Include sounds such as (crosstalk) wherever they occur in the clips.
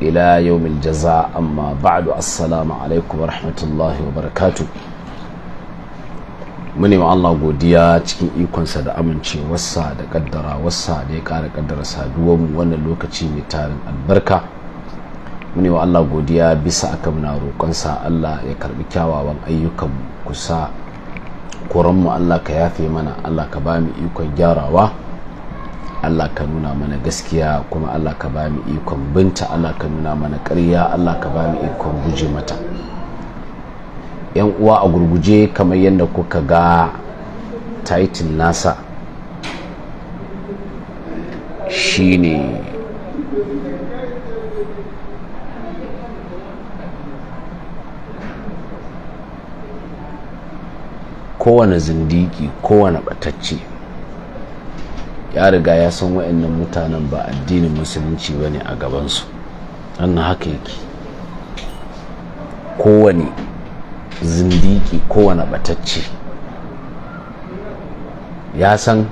ila mil jaza amma ba'adu assalamu alaikum warahmatullahi wabarakatuh muni wa Allah godiya cikin ikonsa da amincewarsa da kaddara wasa da ya kara kaddara saduwar mu wannan lokaci mai tarin albarka muni wa Allah godiya bisa aka muna roƙonsa Allah ya karbi kyawawan ayyukan kusa koran Allah ka yafe mana Allah ka ba mu ikon gyarawa Allah ka nuna mana gaskiya kuma Allah ka ba mu ikon binta Allah ka nuna mana ƙarya Allah ka ba mu ikon guje mata yan uwa a gurguje kamar yadda kuka ga titin nasa shine kowane zindiki kowane batacce ya riga ya san wa'annan mutanen ba addinin musulunci ba ne a gabansu annan haka yake kowane zindiki kowane batacce ya san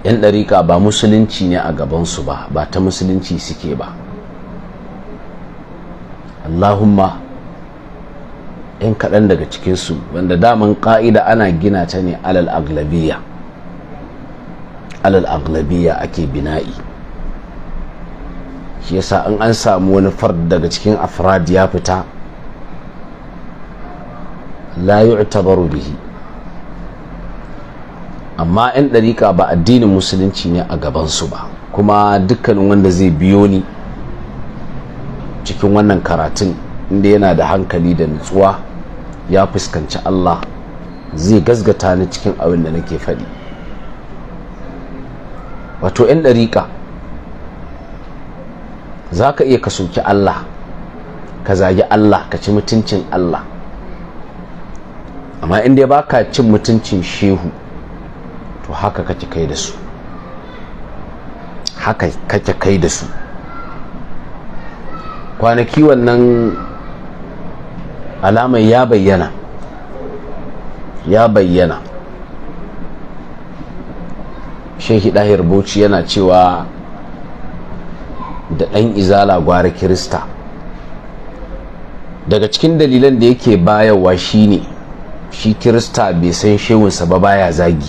'yan ɗarika ba musulunci ne a gabansu ba ba ta musulunci suke ba allahumma 'yan kaɗan daga cikinsu wanda daman ƙa'ida ana gina ta ne alal aglabiyya alal aglabiya ake bina'i shi yasa in an samu wani fard daga cikin afrad ya fita la yu'tabaru bihi amma 'yan ɗarika ba addinin musulunci ne a gabansu ba kuma dukkanin wanda zai biyo ni cikin wannan karatun inda yana da hankali da nutsuwa ya fuskanci allah zai gasgata ni cikin abin da nake faɗi wato 'yan ɗariƙa za ka iya ka soki Allah ka zagi Allah ka ci mutuncin Allah amma inda ba baka cin mutuncin shehu to haka kake kai da su haka kake kai da su kwanaki wannan alamai ya bayyana ya bayyana shehi ɗahir bauchi yana cewa da ɗan izala gwara kirista daga cikin dalilan da yake bayarwa ne shi kirista bai san shehunsa ba baya zagi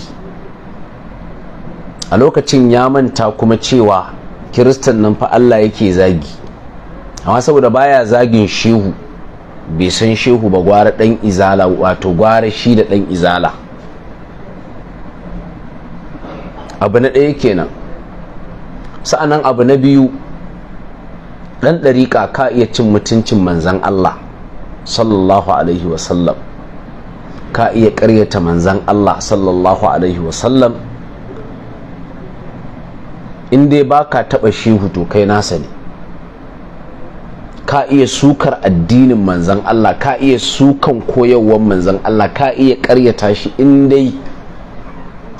a lokacin ya manta kuma cewa kiristan nan fa Allah yake zagi amma saboda baya zagin shehu bai san shehu ba gwara ɗan izala wato gwara shi da ɗan izala abu na ɗaya kenan sa'anan abu na biyu ɗan ɗariƙa ka iya cin mutuncin manzan Allah sallallahu alaihi wasallam ka iya ƙaryata manzan Allah sallallahu alaihi wasallam in dai ba ka taɓa shehu to kai nasa ne ka iya sukar addinin manzan Allah ka iya sukan koyarwar manzan Allah ka iya ƙaryata shi in dai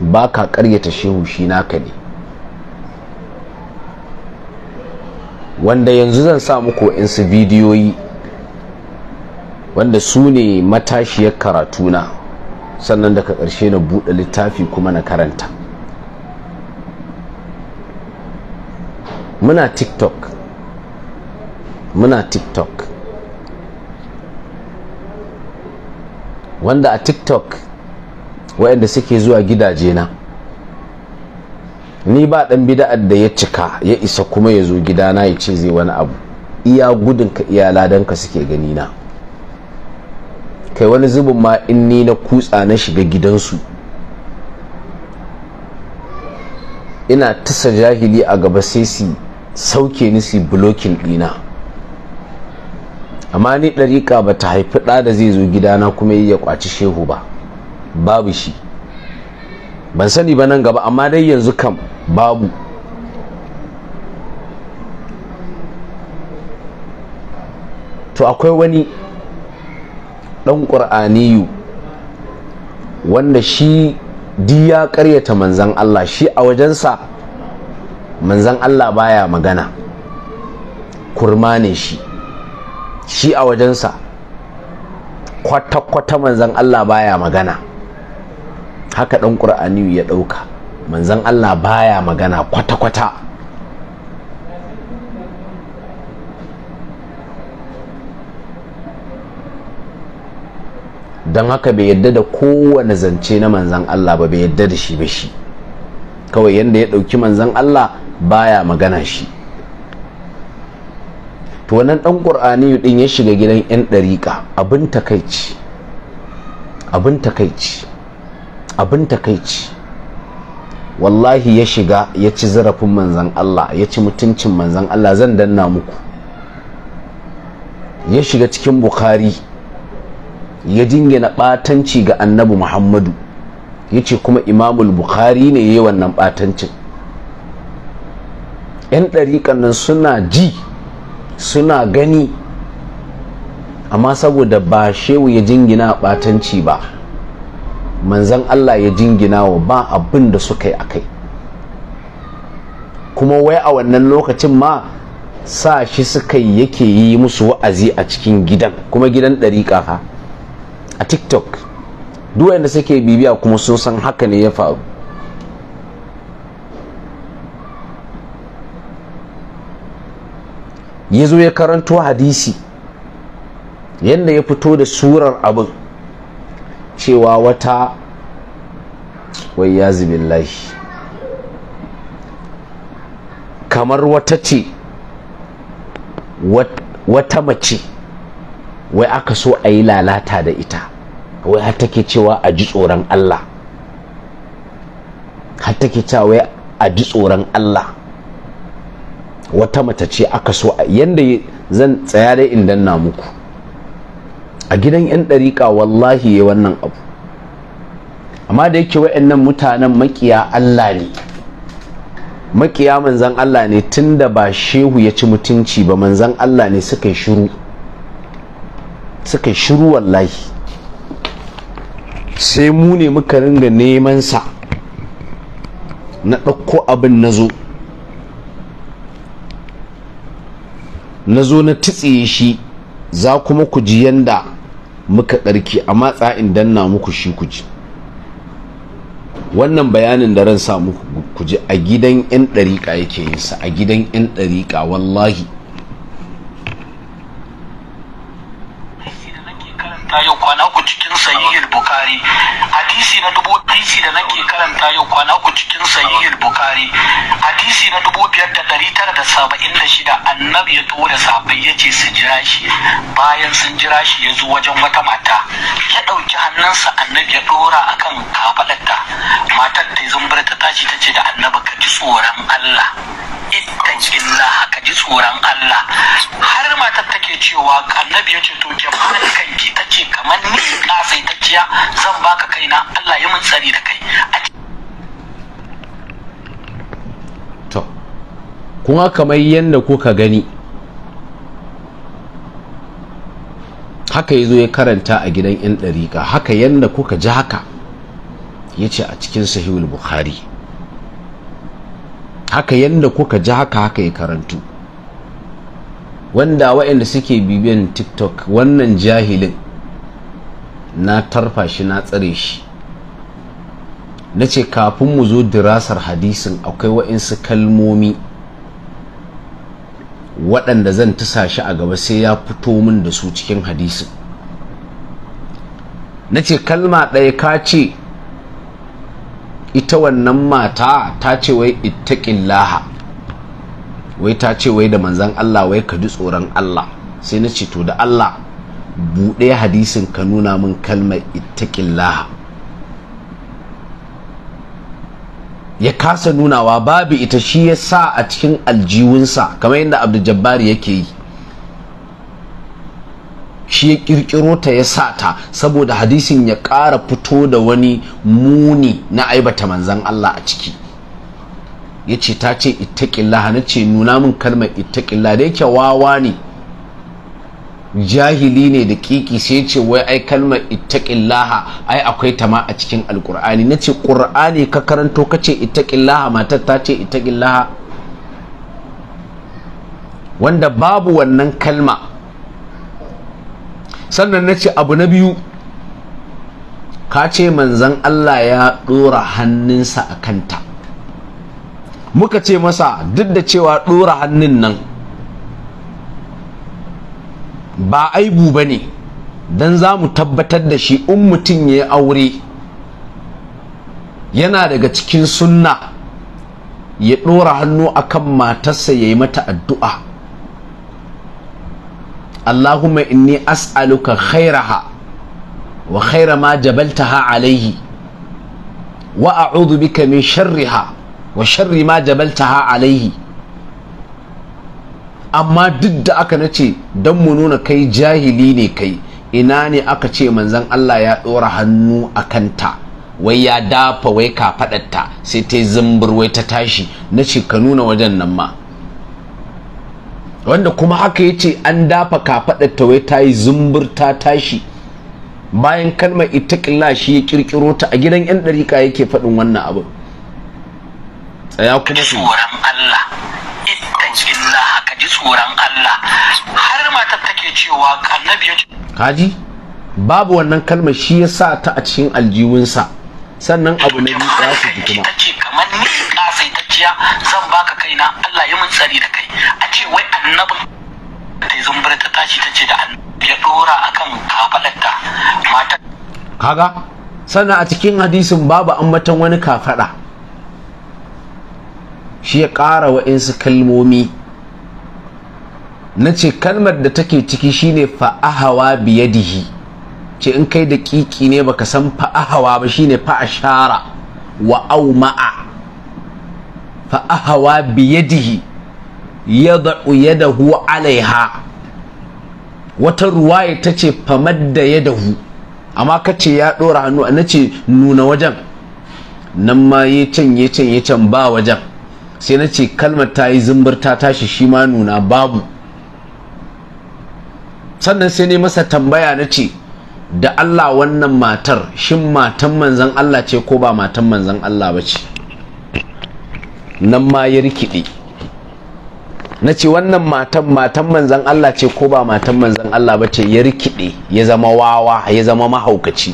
ba ka karyata shehu shi naka ne wanda yanzu zan sa muku insu bidiyoyi wanda su ne matashiyar karatuna sannan daga ƙarshe na buɗe littafi kuma na karanta muna tiktok muna tiktok wanda a tiktok waɗanda suke zuwa gidaje na ni ba ɗan bida'ar da ya cika ya isa kuma ya zo gidana ya ce zai wani abu iya gudunka iya ladanka suke gani na kai wani zubin ma in ni na kutsa na shiga gidansu ina tasa jahili a gaba sai su sauke ni su blokin ɗina amma ni ɗariƙa ba ta haifi ɗa da zai zo gidana kuma ya kwaci shehu ba babu shi ban sani ba nan gaba amma dai yanzu kam babu to akwai wani dan ƙur'aniyu wanda shi di ya ƙaryata manzan Allah shi a wajensa manzan Allah baya magana kurma ne shi shi a wajensa kwata-kwata manzan Allah baya magana haka ɗan ƙur'ani ya ɗauka manzan Allah baya magana kwata-kwata don haka bai yadda da kowane zance na manzan Allah ba bai yadda da shi ba shi kawai yadda ya ɗauki manzan Allah baya magana shi to wannan ɗan ƙur'ani ɗin ya shiga gidan 'yan ɗariƙa abin takaici abin takaici abin takaici wallahi ya shiga ya ci zarafin manzan Allah ya ci mutuncin manzan Allah zan danna muku ya shiga cikin Bukhari ya jingina ɓatanci ga annabi Muhammadu ya ce kuma imamul Bukhari ne ya yi wannan ɓatanci. 'yan ɗariƙan nan suna ji suna gani amma saboda ba shehu ya jingina ɓatanci ba manzan Allah ya jingina wa ba abin da suka yi a kai kuma wai a wannan lokacin ma sa shi suka yake yi musu wa'azi a cikin gidan kuma gidan ɗariƙa ha a tiktok duk da suke bibiya kuma sun san haka ne ya faru ya zo ya karanto hadisi yadda ya fito da surar abin cewa wata waya ya billahi kamar wata ce wata mace wai aka so a yi lalata da ita wai har ke cewa a ji tsoron Allah har ke cewa wai a ji tsoron Allah wata mata ce aka so a yadda zan tsaya dai in danna muku a gidan 'yan ɗariƙa wallahi ya wannan abu amma da yake wa'annan mutanen makiya Allah ne makiya manzan Allah ne tunda ba shehu ya ci mutunci ba manzan Allah ne suka yi shiru suka yi wallahi sai mu ne muka ringa neman sa na ɗauko abin na zo na zo na titsiye shi za kuma ku ji yanda muka ɗarki a matsa inda na muku shi ku ji wannan bayanin da ran sa muku ku ji a gidan 'yan ɗariƙa yake yin sa a gidan 'yan ɗariƙa wallahi yau kwana ku cikin sahihul bukari hadisi na dubu hadisi da nake karanta yau kwana uku cikin sahihul bukari hadisi na dubu biyar da ɗari tara da saba'in da shida annabi ya tura sahabbai ya ce su jira shi bayan sun jira shi ya zo wajen wata mata ya ɗauki hannunsa annabi ya ɗora akan kafaɗarta matar ta zumbura ta tashi ta ce da annabi ka ji tsoron Allah ita illa ka ji tsoron Allah har matar take cewa annabi ya ce to ke kanki ta ce kamar ni saitacciya zan baka kaina Allah ya mun tsari da kai to kuma kamar yadda kuka gani haka ya zo ya karanta a gidan 'yan dariqa haka yadda kuka ji haka yace a cikin sahihul bukhari haka yadda kuka ji haka haka ya karantu wanda waɗanda suke bibiyan tiktok wannan jahilin na tarfa shi na tsare shi na ce kafin mu zo dirasar hadisin akwai wa'insu kalmomi waɗanda zan tusa shi a gaba sai ya fito min da su cikin hadisin na ce kalma ɗaya ka ce ita wannan mata ta ce wai ittaqillaha wai ta ce wai da manzan Allah wai ka ji tsoron Allah sai na ce to da Allah buɗe hadisin ka nuna min kalmar ittaqillaha ya kasa nunawa babu ita shi ya sa a cikin aljiwinsa kamar yadda abdul yake yi shi ya kirkiro ta ya sa ta saboda hadisin ya ƙara fito da wani muni na aibata manzan Allah a ciki ya ce ta ce ittaƙillah na ce nuna min kalmar ittaƙillah da yake wawa ne jahili ne da kiki sai ce wai ai kalmar ittaqillaha ai akwai ta ma a cikin alkur'ani nace qur'ani ka karanto kace ittaqillaha matar ta ce ittaqillaha wanda babu wannan kalma sannan nace abu na biyu ka ce manzon Allah ya dora hannunsa a kanta muka ce masa duk da cewa dora hannun nan ba aibu ba ne don za mu tabbatar da shi in mutum ya aure yana daga cikin sunna ya ɗora hannu akan matarsa ya yi mata addu'a Allahumma inni as'aluka khairaha wa khaira ma jabaltaha alaihi wa a'udhu bika min sharriha wa sharri ma jabaltaha alaihi amma duk da aka nace don mu nuna kai jahili ne kai ina ne aka ce manzon Allah ya ɗora hannu a kanta wai ya dafa wai kafaɗarta sai ta yi zumbur wai ta tashi na ce ka nuna wajen nan ma wanda kuma haka ya ce an dafa kafaɗarta wai ta yi zumbur ta tashi bayan kalmar itaƙilla shi ya ƙirƙiro ta a gidan 'yan ɗarika yake faɗin wannan abu tsaya kuma su Allah ji tsoron Allah har matar take cewa annabi ya kaji babu wannan kalmar shi ya sa ta a cikin aljiwinsa sannan abu na biyu ya su kuma ta kamar ni kasaitacciya zan baka kaina Allah ya mun tsari da kai a ce wai annabin da zumbura ta tashi ta ce da annabi ya dora akan kafalarta matar kaga sannan a cikin hadisin babu ambatan wani kafada shi ya ƙara wa'insu kalmomi na ce kalmar da take ciki shine fa'ahawa biyadihi ce in kai da kiki ne baka san fa'ahawa ba shine fa'ashara wa auma'a fa'ahawa biyadihi yada'u yadahu alaiha wata ruwaye ta ce famar da yadahu amma ka ce ya ɗora hannu a ce nuna wajen nan ma ya can ya can ya can ba wajen sai na ce kalmar ta yi zumbur tashi shi ma nuna babu sannan sai ne masa tambaya na ce da Allah wannan matar shin matan manzan Allah ce ko ba matan manzan Allah ba ce nan ma ya rikide na ce wannan matan matan manzan Allah ce ko ba matan manzan Allah ba ce ya rikide ya zama wawa ya zama mahaukaci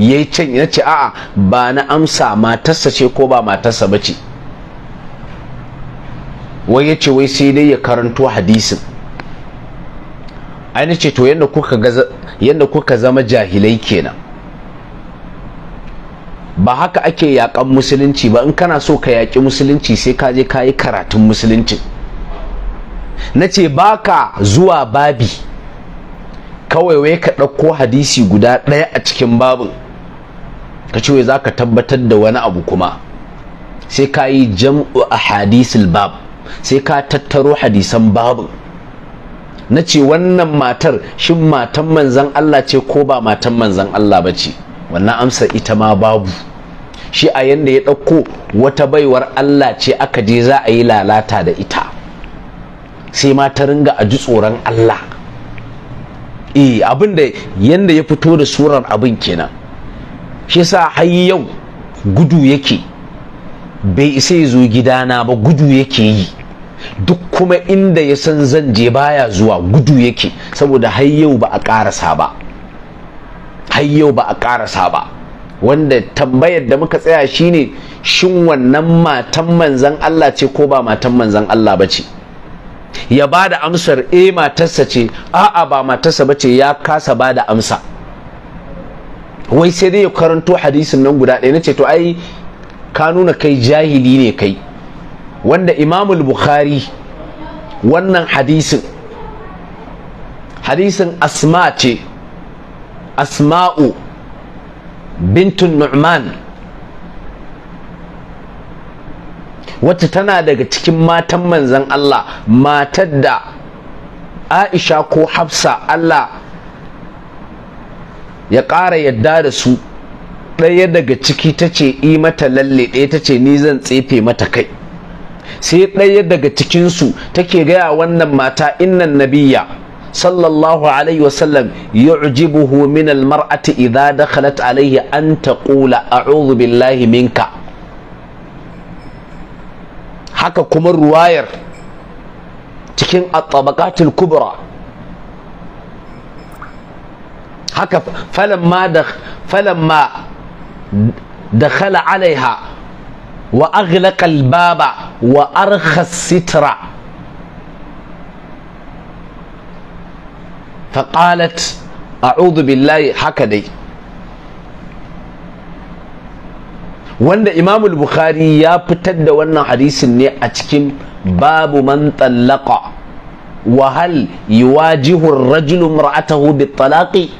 ya yi can ya ce a'a ba na amsa matarsa ce ko ba matarsa ba ce wai ya ce wai sai dai ya karanto hadisin ai nace to yanda kuka ga yanda kuka zama jahilai kenan ba haka ake yakan musulunci ba in kana so ka yaki musulunci sai ka je ka karatun musulunci nace baka zuwa babi kawai wai ka ɗauko hadisi guda ɗaya a cikin babin ka ce wai za ka tabbatar da wani abu kuma sai ka yi jam'u a hadisul bab sai ka tattaro hadisan babin na ce wannan matar shin matan manzan Allah ce ko ba matan manzan Allah ba ce wannan amsa ita ma babu shi a yanda ya ɗauko wata baiwar Allah ce aka je za a yi lalata da ita sai ma ta ringa a ji tsoron Allah eh abin da yanda ya fito da surar abin kenan shi sa har yau gudu yake bai isa ya zo gidana ba gudu yake yi duk kuma inda ya san zan je baya zuwa gudu yake saboda har yau ba a ƙarasa ba har yau ba a ƙarasa ba wanda tambayar da muka tsaya shine shin wannan matan manzan Allah ce ko ba matan manzan Allah ba ce ya ba da amsar e matarsa ce a'a ba matarsa ba ce ya kasa ba da amsa wai sai dai ya karanto hadisin nan guda ɗaya na ce to ai ka nuna kai jahili ne kai wanda imamul bukhari wannan hadisin hadisin asma ce asma'u bintun nu'man wacce tana daga cikin matan manzan Allah matar da Aisha ko Hafsa Allah ya ƙara yadda da su ɗaya daga ciki ta ce i mata lalle ɗaya ta ce ni zan tsefe mata kai sai ɗaya daga cikinsu take gaya wannan mata innan nabiya sallallahu alaihi wasallam yu'jibuhu min almar'ati idza dakhalat alaihi an taqula a'udhu billahi minka haka kuma ruwayar cikin at-tabaqatil kubra haka falamma da falamma dakhala alaiha wa aghlaqa al-baba wa arkha sitra فقالت أعوذ billahi haka dai wanda imamul al-Bukhari ya fitar da wannan hadisin ne a cikin babu man tallaqa wa hal yuwajihu ar-rajulu imra'atahu bit-talaqi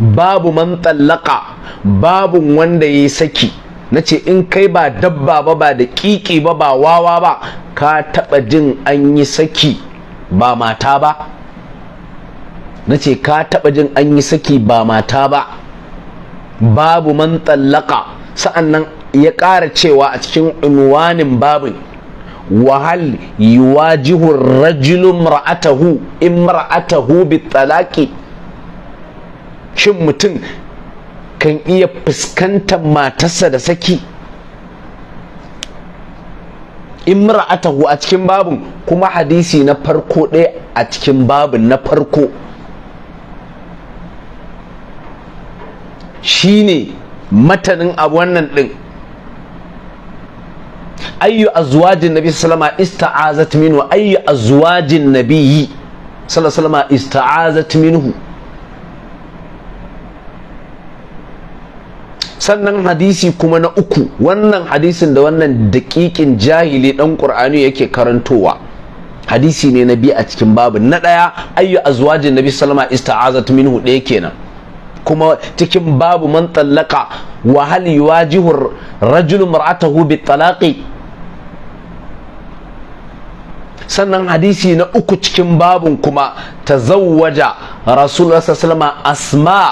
babu man tallaqa babu wanda yayi saki na ce in kai ba dabba ba ba da kiki ba ba wawa ba ka taba jin an yi saki ba mata ba na ce ka taba jin an yi saki ba mata ba babu man tsallaka nan ya ƙara cewa a cikin unwanin babin wahal yi jihun rajulun ra'atahu in ra'atahu bi talaki shin mutum kan iya fuskantar matarsa da saki imra'atahu a cikin babin kuma hadisi na farko ɗaya a cikin babin na farko shine matanin a wannan ɗin ayyu azwajin nabi sallama ista'azat minhu ayyu azwajin nabiyyi sallallahu alaihi ista'azat minhu sannan hadisi kuma na uku wannan hadisin da wannan daƙiƙin jahili ɗan ƙur'ani yake karantowa hadisi ne na biyu a cikin babu na ɗaya ayyu azwajin nabi sallama ista'azat minhu ɗaya kenan kuma cikin babu man tallaka wa hal yuwajihu rajulu mar'atahu bi talaqi sannan hadisi na uku cikin babun kuma tazawwaja rasulullah sallallahu alaihi wasallam asma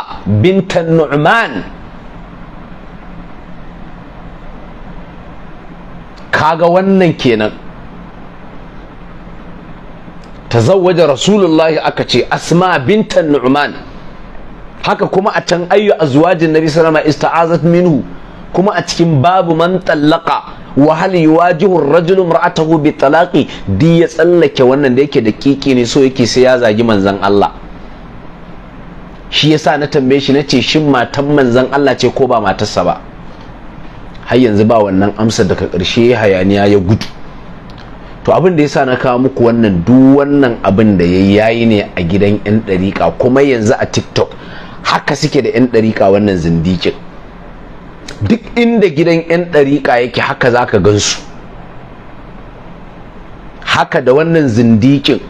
bintan nu'man kaga wannan kenan tazawwaja rasulullahi aka ce asma bintan nu'man haka kuma a can ayyu azwajin nabi wasallam ista'azat minhu kuma a cikin babu man tallaqa wa hal yuwajihu ar-rajulu imra'atahu bi talaqi di ya tsallake wannan da yake da kiki ne so yake sai ya zagi manzon Allah shi yasa na tambaye shi nace shin matan manzon Allah ce ko ba matarsa ba har yanzu ba wannan amsa daga ƙarshe hayaniya ya gudu to abin da yasa na kawo muku wannan duk wannan abin da ya yayi ne a gidan yan ɗariƙa kuma yanzu a tiktok haka suke da yan ɗariƙa wannan zindikin duk inda gidan yan ɗariƙa yake haka za ka gan su haka da wannan zindikin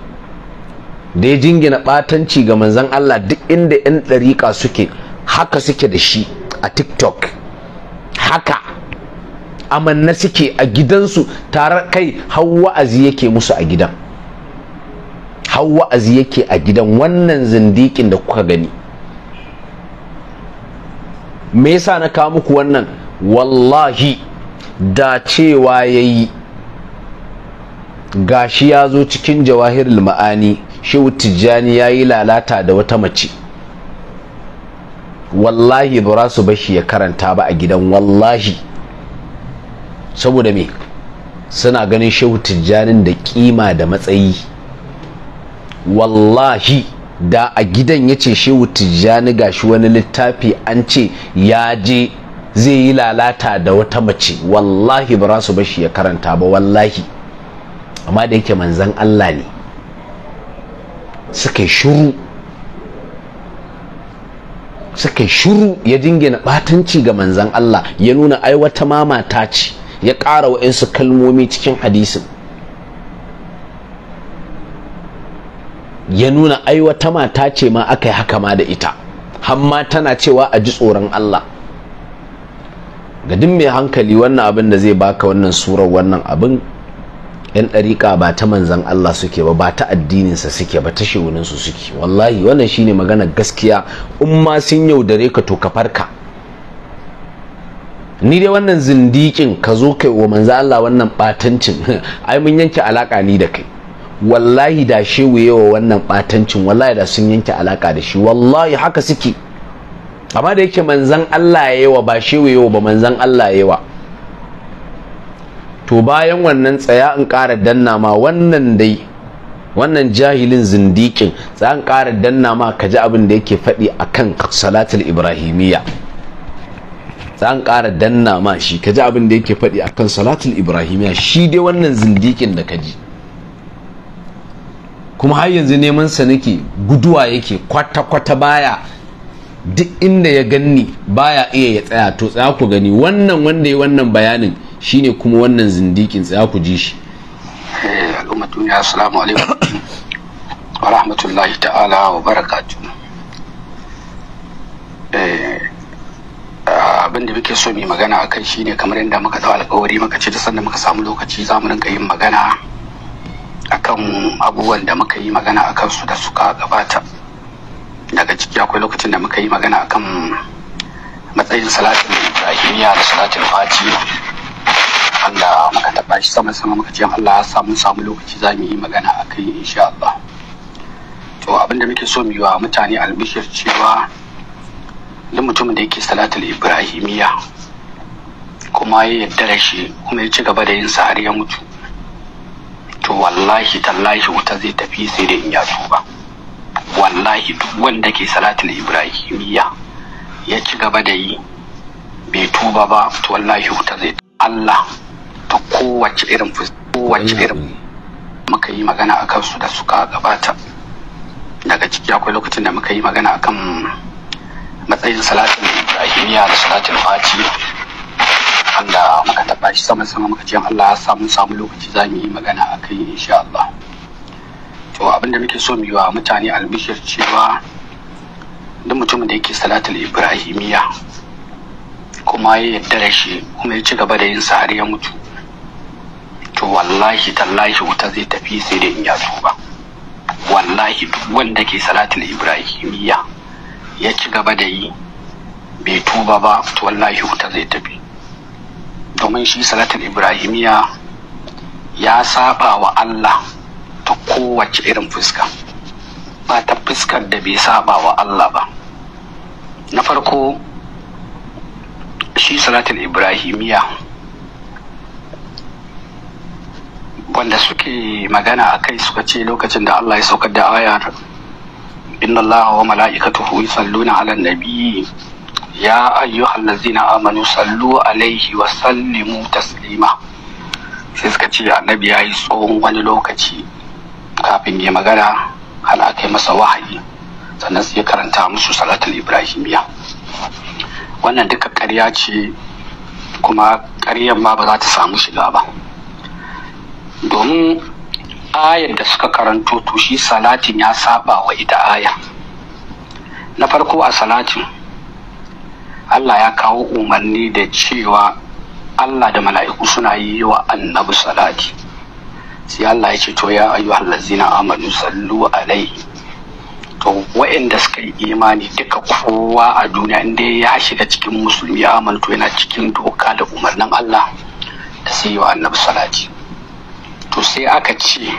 da ya jingina ɓatanci ga manzan Allah duk inda yan ɗariƙa suke haka suke da shi a tiktok haka amanna suke a gidansu tare kai hawa azi yake musu a gidan hawa azi yake a gidan wannan zindikin da kuka gani me yasa na kawo muku wannan wallahi da cewa yayi gashi ya zo cikin jawahirul ma'ani shehu tijjani ya yi lalata da wata mace wallahi ba su bashi ya karanta ba a gidan wallahi saboda me suna ganin shehu tijjanin da kima da matsayi wallahi da a gidan ya ce shehu tijjani shi wani littafi an ce ya je zai yi lalata da wata mace wallahi ba za su shi ya karanta ba wallahi amma da yake manzan Allah ne suka yi shuru suka shuru ya dingina batanci ga manzan Allah ya nuna ai wata mama ta ce ya ƙara wa'insu kalmomi cikin hadisin ya nuna ai wata mata ce ma aka yi haka ma da ita hamma tana cewa a ji tsoron Allah Gadin mai hankali wannan abin da zai baka wannan surar wannan abin yan ɗariƙa ba ta manzan Allah suke ba ba ta addininsa suke ba ta shewuninsu suke wallahi wannan shine magana gaskiya Umma sun yaudare ka to ka farka ni dai wannan zindikin ka zo kai wa manzo Allah wannan batancin (laughs) ai mun yanke alaka ni da kai wallahi da shewu wa wannan batancin wallahi da sun yanke alaka da shi wallahi haka suke amma da yake manzan Allah ya wa ba shewu yawa ba manzan Allah ya yi wa. to bayan wannan tsaya in ƙara danna ma wannan dai wannan jahilin zindikin tsaya in ƙara danna ma ka ji abin da yake faɗi akan salatul ibrahimiyya za an ƙara danna ma shi ka ji abin da yake faɗi a kan salatul ibrahimiya shi dai wannan zindikin da ka ji kuma har yanzu neman sa nake guduwa yake kwata-kwata baya duk inda ya ganni baya iya ya tsaya to tsaya ku gani wannan wanda ya wannan bayanin shine kuma wannan zindikin tsaya ku ji shi duniya assalamu alaikum wa rahmatullahi ta'ala wa barakatuh eh, abin da muke so mu magana akan shi ne kamar yadda muka dau alƙawari muka ce da sannan muka samu lokaci za mu rinka yin magana akan abubuwan da muka yi magana akan su da suka gabata daga ciki akwai lokacin da muka yi magana akan matsayin salatin ibrahimiya da salatin fati wanda muka taɓa shi sama sama muka ce Allah ya samu samu lokaci za mu yi magana akan insha Allah to abin da muke so mu yi wa mutane albishir cewa da mutumin da yake salatul ibrahimiya kuma ya yarda da shi kuma ya ci gaba da yin har ya mutu to wallahi tallahi wuta zai tafi sai da in ya tuba wallahi duk wanda ke salatul ibrahimiya ya ci gaba da yi bai tuba ba to wallahi wuta zai Allah ta kowace irin kowace irin muka yi magana akan su da suka gabata daga ciki akwai lokacin da muka yi magana akan matsayin salatin ibrahimiya da salatin fati wanda muka taba shi sama sama muka ce Allah ya samu samu lokaci za mu yi magana a kai insha Allah to abinda muke so mu yi wa mutane albishir cewa duk mutumin da yake salatin ibrahimiya kuma ya yarda da shi kuma ya ci gaba da yin sa har ya mutu to wallahi tallahi wuta zai tafi sai da in ya tuba wallahi duk wanda ke salatin ibrahimiyya ya ci gaba da yi bai tuba ba to wallahi wuta zai tafi domin shi salatin ibrahimiya ya saba wa Allah ta kowace irin fuska ba ta fuskar da bai saba wa Allah ba na farko shi salatin ibrahimiya wanda suke magana a kai suka ce lokacin da Allah ya saukar da ayar إن الله وملائكته يصلون على النبي يا أيها الذين آمنوا صلوا عليه وسلموا تسليما sai suka ce annabi ya yi tsohon wani lokaci kafin ya magana hana aka masa wahayi sannan sai ya karanta musu salatul ibrahimiya wannan duka ƙarya ce kuma ƙaryar ma ba za ta samu shiga ba domin ayar da suka karanto to shi salatin ya saba wa ita aya na farko a salatin Allah ya kawo umarni da cewa Allah da mala'iku suna yi wa annabi salati sai Allah ya ce to ya ayu allazina amanu sallu alai to waɗanda suka yi imani duka kowa a duniya inda ya shiga cikin musulmi ya amanto yana cikin doka da umarnin Allah da sai yi wa annabi salati to sai aka ce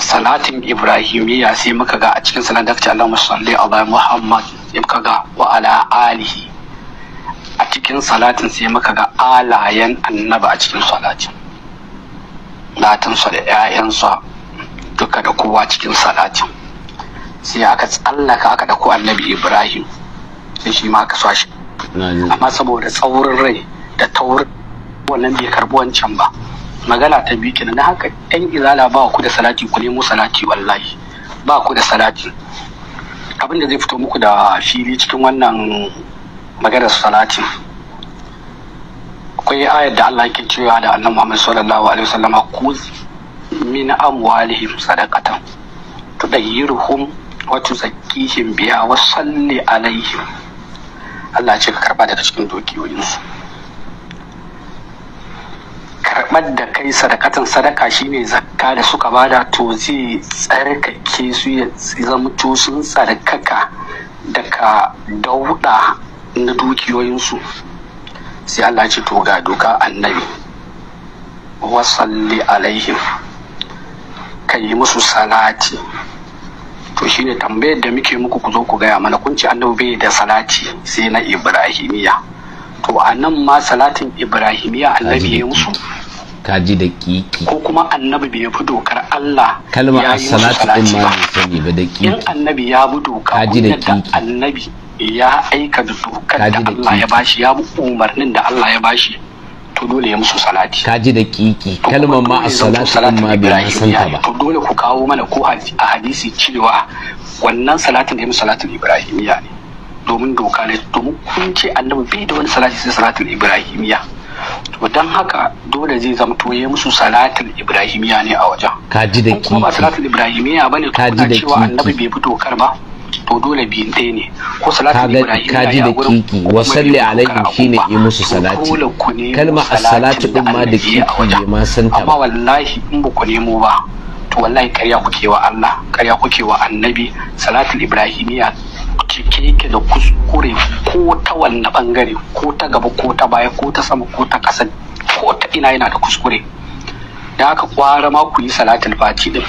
salatin ibrahimiyya sai muka ga a cikin salatin da aka ce Allahumma salli ala Muhammad sai muka ga wa ala alihi a cikin salatin sai muka ga alayen annaba a cikin salatin latinsa da 'ya'yansa duka da kowa cikin salatin sai aka tsallaka aka ɗauko annabi ibrahim sai shi ma aka shi amma saboda tsaurin rai da taurin wannan bai karɓi wancan ba magana ta biyu kenan na haka ɗan izala ba ku da salati ku nemo salati wallahi ba ku da salati abin da zai fito muku da fili cikin wannan maganar salati akwai ayar da Allah ke cewa da annabi Muhammad sallallahu alaihi wasallam kuz min amwalihim sadaqatan tudayyiruhum wa tuzakkihim biya wa salli alaihim Allah ce ka karba daga cikin dokiyoyinsu karɓar da kai sadakatan sadaka shine zakka da suka bada to zai tsarkake su ya sun tsarkaka daga dauɗa na dukiyoyinsu sai Allah ce to ga doka annabi wasalli alaihim ka yi musu salati to shine tambayar da muke muku ku zo ku gaya mana kun ci annabi bai da salati sai na Ibrahimiyya. to a nan ma salatin ibrahimiya annabi ya musu kaji da kiki ko kuma annabi bai fi dokar Allah kalma as-salatu din ma ne sani ba da kiki in annabi ya bi doka kaji da kiki annabi ya aika da dokar da Allah ya bashi ya bi umarnin da Allah ya bashi to dole ya musu salati kaji da kiki kalmar ma as-salatu din ma bai san ta ba to dole ku kawo mana ko a hadisi cewa wannan salatin da ya musu salatin ibrahimiya ne domin doka ne domin kun ce annabi bai da wani salati sai salatul ibrahimiya to dan haka dole zai zama to ya musu salatul ibrahimiya ne a wajen ka ji da ki kuma ba salatul ibrahimiya bane ka ji da cewa annabi bai bi dokar ba to dole biyun ɗaya ne ko salatul ibrahimiya ka ji da ki wa salli alaihi shine yi musu salati kalma as-salatu din ma da ki ma san ta amma wallahi in ba ku nemo ba to wallahi karya kuke wa Allah karya kuke wa annabi salatul ibrahimiyya cike yake da kuskure ko ta wanne bangare ko ta gaba ko ta baya ko ta sama ko ta ƙasa ko ta ina yana da kuskure da aka kwara ma ku yi salatul fati din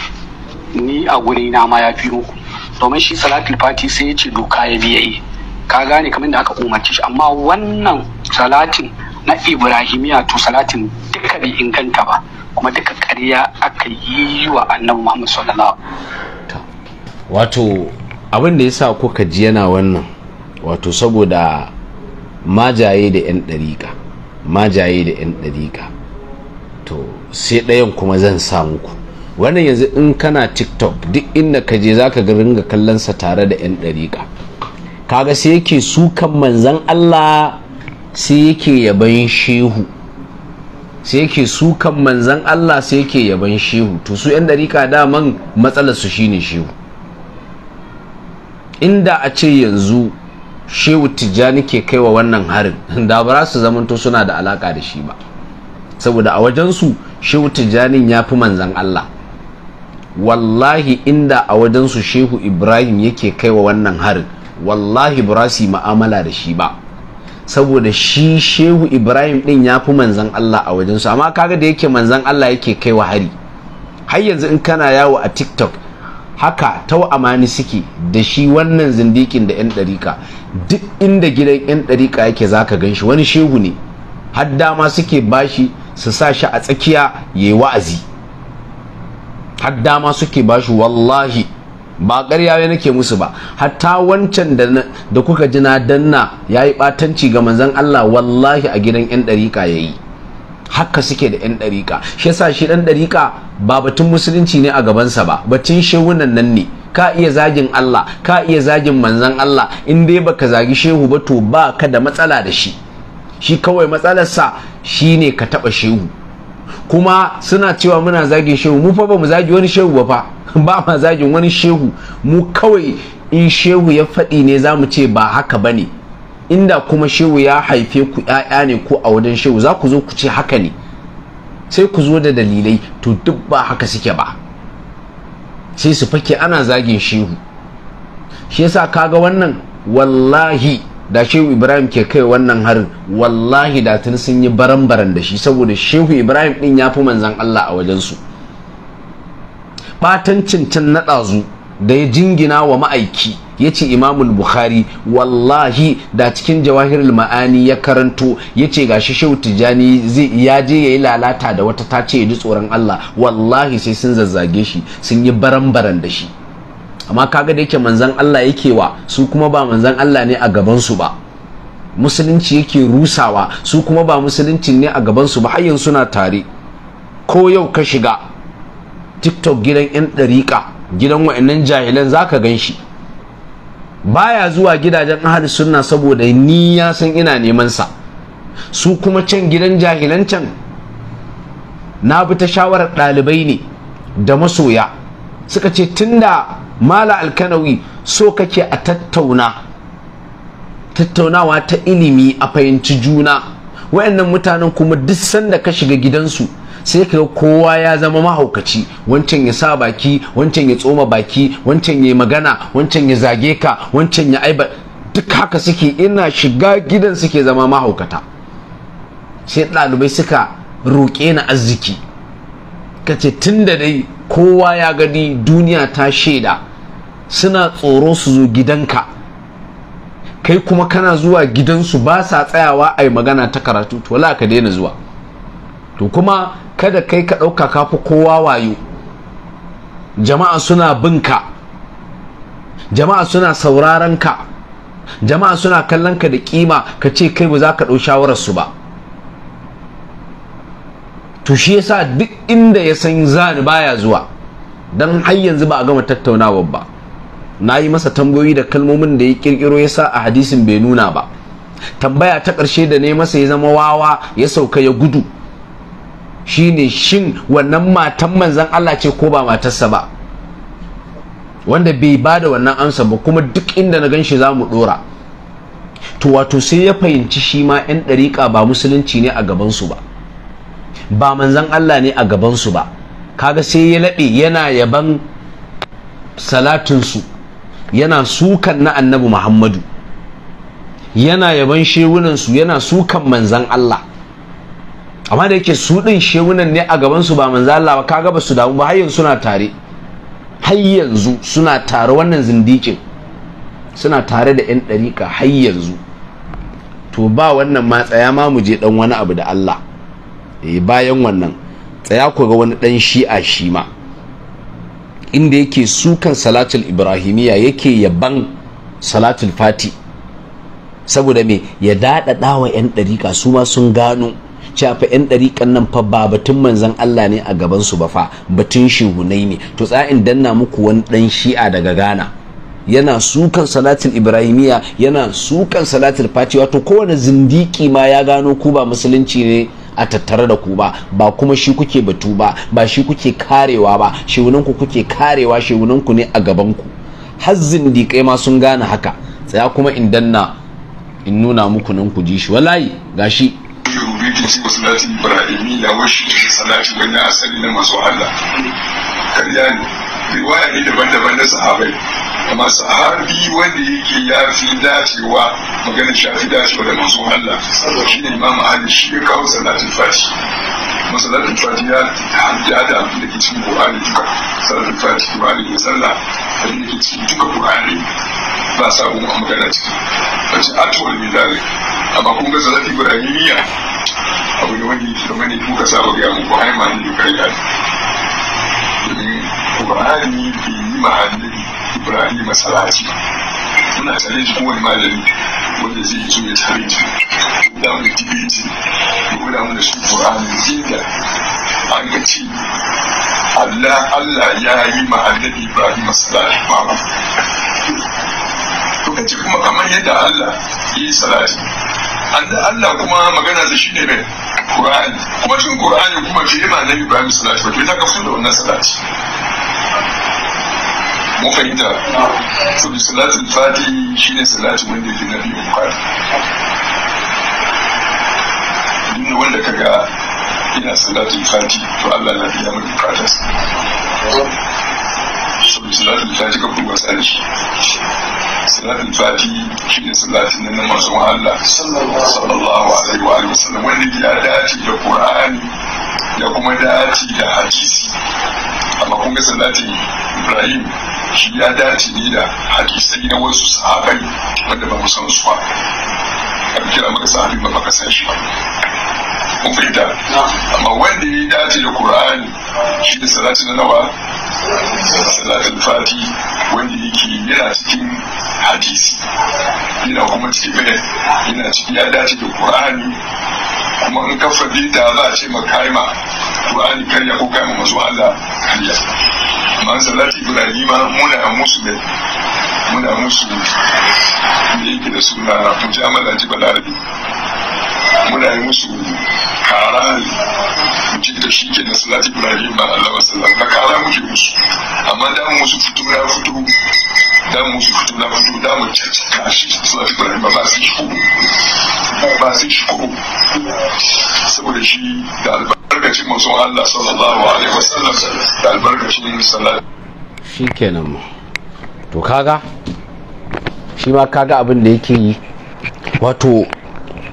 ni a guri na ma ya fi muku domin shi salatul fati sai ya ce doka ya biya yi ka gane kamar da aka umarci shi amma wannan salatin na ibrahimiyya, to salatin duka bai inganta ba kuma duka ƙarya aka yi wa annabi Muhammad sallallahu wato abin da yasa kuka ji yana wannan wato saboda majaye da yan majaye da yan dariƙa to sai ɗayan kuma zan sa muku wannan yanzu in kana tiktok duk inda ka je zaka ga ringa kallon sa tare da yan dariƙa. kaga sai yake sukan manzan Allah sai yake yaban shehu sai yake sukan manzan Allah sai yake yaban shehu to su yan dariƙa daman matsalar su shine shehu inda a ce yanzu shehu tijjani ke kaiwa wannan harin (laughs) da ba su zamanto suna da alaka da shi ba saboda a wajen su shehu tijjanin ya fi manzan Allah wallahi inda a wajen su shehu ibrahim yake kaiwa wannan harin wallahi ba su yi ma'amala da shi ba saboda shi shehu ibrahim din ya fi manzan allah a wajensu amma kaga da yake manzan allah yake kai wa hari har yanzu in kana yawo a tiktok haka tau amani suke da shi wannan zindikin da 'yan ɗarika duk inda gidan 'yan ɗarika yake zaka gan shi wani shehu ne har dama suke bashi su sa shi a tsakiya yayi wa'azi har dama suke bashi wallahi ba ƙarya nake musu ba hatta wancan da kuka ji na danna ya yi ɓatanci ga manzan Allah wallahi a gidan 'yan ɗariƙa ya yi haka suke da 'yan ɗariƙa shi yasa shi ɗan ɗariƙa ba batun musulunci ne a gabansa ba batun shehunan nan ne ka iya zagin Allah ka iya zagin manzan Allah in dai baka zagi shehu ba to ba ka da matsala da shi shi kawai matsalarsa shi ne ka taɓa shehu kuma suna cewa muna zagin shehu mu fa ba mu zagi wani shehu ba fa (laughs) ba ma zagin wani shehu mu kawai in shehu ya faɗi ne za mu ce ba haka ba ne inda kuma shehu ya haife ku ‘ya'ya ne ko a wajen shehu za ku zo ku ce haka ne sai ku zo da dalilai to duk ba haka suke ba sai su fake ana zagin shehu shi yasa kaga wannan wallahi da shehu ibrahim ke kai wannan harin wallahi da tun sun yi baran-baran da shi saboda shehu ibrahim din ya fi manzan allah a wajensu batancin can na ɗazu da ya jingina wa ma'aiki ya ce imamul bukhari wallahi da cikin jawahirul ma'ani ya karanto ya ce gashi shehu tijjani ya je ya yi lalata da wata ta ce ya ji tsoron allah wallahi sai sun zazzage shi sun yi baran-baran da shi amma kaga da yake manzan allah yake wa su kuma ba manzan allah ne a gabansu ba musulunci yake rusawa su kuma ba musulunci ne a gabansu ba har yanzu suna tare ko yau ka shiga tiktok gidan 'yan ɗariƙa gidan wa'annan jahilan za ka gan shi baya zuwa gidajen ahli sunna saboda ni ya san ina neman sa su kuma can gidan jahilan can na bi ta shawarar ɗalibai ne da masoya suka ce tunda mala alkanawi so kake a tattauna tattaunawa ta ilimi a fahimci juna wayannan mutanen kuma duk sanda ka shiga gidansu sai ka kowa ya zama mahaukaci wancan ya sa baki wancan ya tsoma baki wancan ya magana wancan ya zage ka wancan ya aiba duk haka suke ina shiga gidan suke zama mahaukata sai ɗalibai suka roƙe na arziki ka ce tun da dai kowa ya gani duniya ta shaida suna tsoro su zo gidanka kai kuma kana zuwa gidansu ba sa tsayawa a yi magana ta karatu to wala ka daina zuwa to kuma kada kai ka ɗauka kafi kowa wayo jama'a suna ka. jama'a suna sauraron ka jama'a suna kallon ka da kima ka ce kai ba za ka ɗau shawararsu ba to shi yasa duk inda ya san zani baya zuwa don har yanzu ba a gama tattaunawa ba na yi masa tambayoyi da kalmomin da ya ƙirƙiro yasa a hadisin bai nuna ba tambaya ta ƙarshe da ne masa ya zama wawa ya sauka ya gudu shine shin wannan matan manzan Allah ce ko ba matarsa ba wanda bai ba da wannan amsa ba kuma duk inda na ganshi za mu dora to wato sai ya fahimci shi ma 'yan ɗariƙa ba musulunci ne a gabansu ba ba manzan Allah ne a gabansu ba kaga sai ya laɓe yana yaban salatinsu yana sukan na annabi muhammadu yana yaban su yana sukan manzan Allah amma da yake su din shehunan ne a gaban su ba manzo Allah ba kaga ba su damu ba har yanzu suna tare har yanzu suna tare wannan zindikin suna tare da yan dariƙa har yanzu to ba wannan ma tsaya ma mu je dan wani abu da Allah eh bayan wannan tsaya ku ga wani dan shi'a shi ma inda yake su kan salatul ibrahimiya yake yaban salatul fati saboda me ya daɗaɗa wa 'yan dariƙa su ma sun gano shafa yan ɗariƙan nan fa ba batun manzon Allah ne a gaban su ba fa batun shi hunai ne to tsa'in danna muku wani ɗan shi'a daga Ghana yana sukan salatul ibrahimiya yana sukan Salatin fati wato kowane zindiki ma ya gano ku ba musulunci ne a tattare da ku ba ba kuma shi kuke batu ba ba shi kuke karewa ba shehunanku kuke karewa shehunanku ne a gaban ku har zindikai ma sun gane haka tsaya kuma in danna in nuna muku nan ku ji shi wallahi gashi yake cewa salatin ibrahimi da washi da salati wani asali na masu Allah karya ne riwaya ne daban-daban na sahabai amma sahabi wanda yake ya fi dacewa magana shafi dacewa da masu Allah shi ne imam Ali shi ya kawo salatin fati masalatin fati ya ya da abin da ke cikin Qur'ani duka salatin fati Qur'ani ne sallah abin da ke cikin duka Qur'ani ba sa sabon magana ciki wace atwal min dalik amma kun ga salatin Ibrahimiyya abu ne wanda yake kamar ne kuka saba ga mu ba ma ne kuka ya domin Qur'ani bai yi Ibrahim salati muna sanin shi kowane malami wanda zai yi so ya tare shi da wani dibiti da kuma wanda shi Qur'ani inda an ga ce Allah Allah ya yi ma annabi Ibrahim salati ba to kace kuma kamar yadda Allah yi salati Allah kuma magana da shi ne mai Qur'ani kuma cikin Qur'ani kuma ce ma Nabi Ibrahim salatu wato ta kafu da wannan salati mu fahimta to bi salatul fati shine salati wanda yake Nabi Ibrahim duk wanda kaga ina salatul fati to Allah na biya mu fatas saboda salatul fati ka kuma sani salatul fati shi ne salatin nan na manzon Allah sallallahu alaihi wa alihi wasallam wanda ya dace da Qur'ani ya kuma dace da hadisi amma kun ga salatin Ibrahim shi ya dace ne da hadisai na wasu sahabai wanda ba mu san su ba a kira maka sahabin ba ka san shi ba ku fita amma wanda ya dace da qur'ani shi ne salatin nawa salatin fati wanda yake yana cikin hadisi yana kuma cikin yana cikin ya dace da qur'ani kuma in ka fadita za a ce ma kaima qur'ani karya ko kaima masu Allah karya amma salati ibrahima muna musu ne muna musu ne yake da suna mujamala jibal arabi muna yi musu kara jin da shi ke na salati ibrahim allah wasallam na kara muke musu amma da musu fito ya fito da musu fito na fito da mu caccaka shi salati ibrahim ba su shi kudu ba su shi kudu saboda shi da albarkacin masu allah sallallahu alaihi wasallam da albarkacin salati shi kenan to kaga shi ma kaga abin da yake yi wato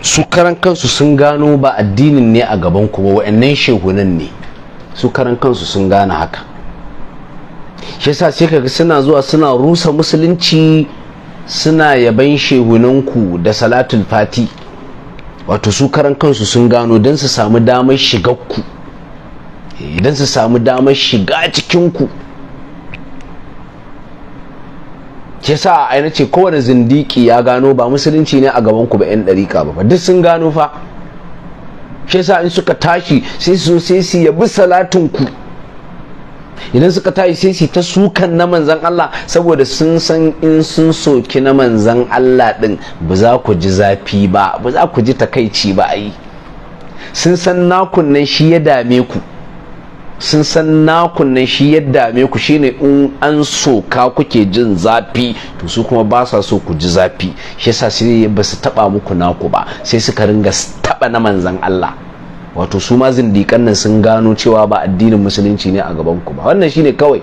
su karan kansu sun gano ba addinin ne a gaban ku ba wa'annan shehunan ne su karan kansu sun gane haka shi yasa sai kaga suna zuwa suna rusa musulunci suna yaban ku da salatul fati wato su karan kansu sun gano don su samu damar shigarku idan eh, su samu damar shiga cikin ku ke sa a aina ce kowane zindiki ya gano ba musulunci ne a gaban ku ba yan dariƙa ba duk sun gano fa ke sa in suka tashi sai su sai su yabi salatin ku idan suka tashi sai ta sukan na manzan Allah saboda sun san in sun soki na manzan Allah din ba za ku ji zafi ba ba za ku ji takaici ba ai sun san nakun nan shi ya dame ku sun san nakunan shi ya dame ku shine in an soka kuke jin zafi to su kuma ba sa so ku ji zafi shi yasa ne ba su taba muku naku ba sai suka ringa taba na manzan Allah wato su ma zindikan nan sun gano cewa ba addinin musulunci ne a gaban ku ba wannan shine kawai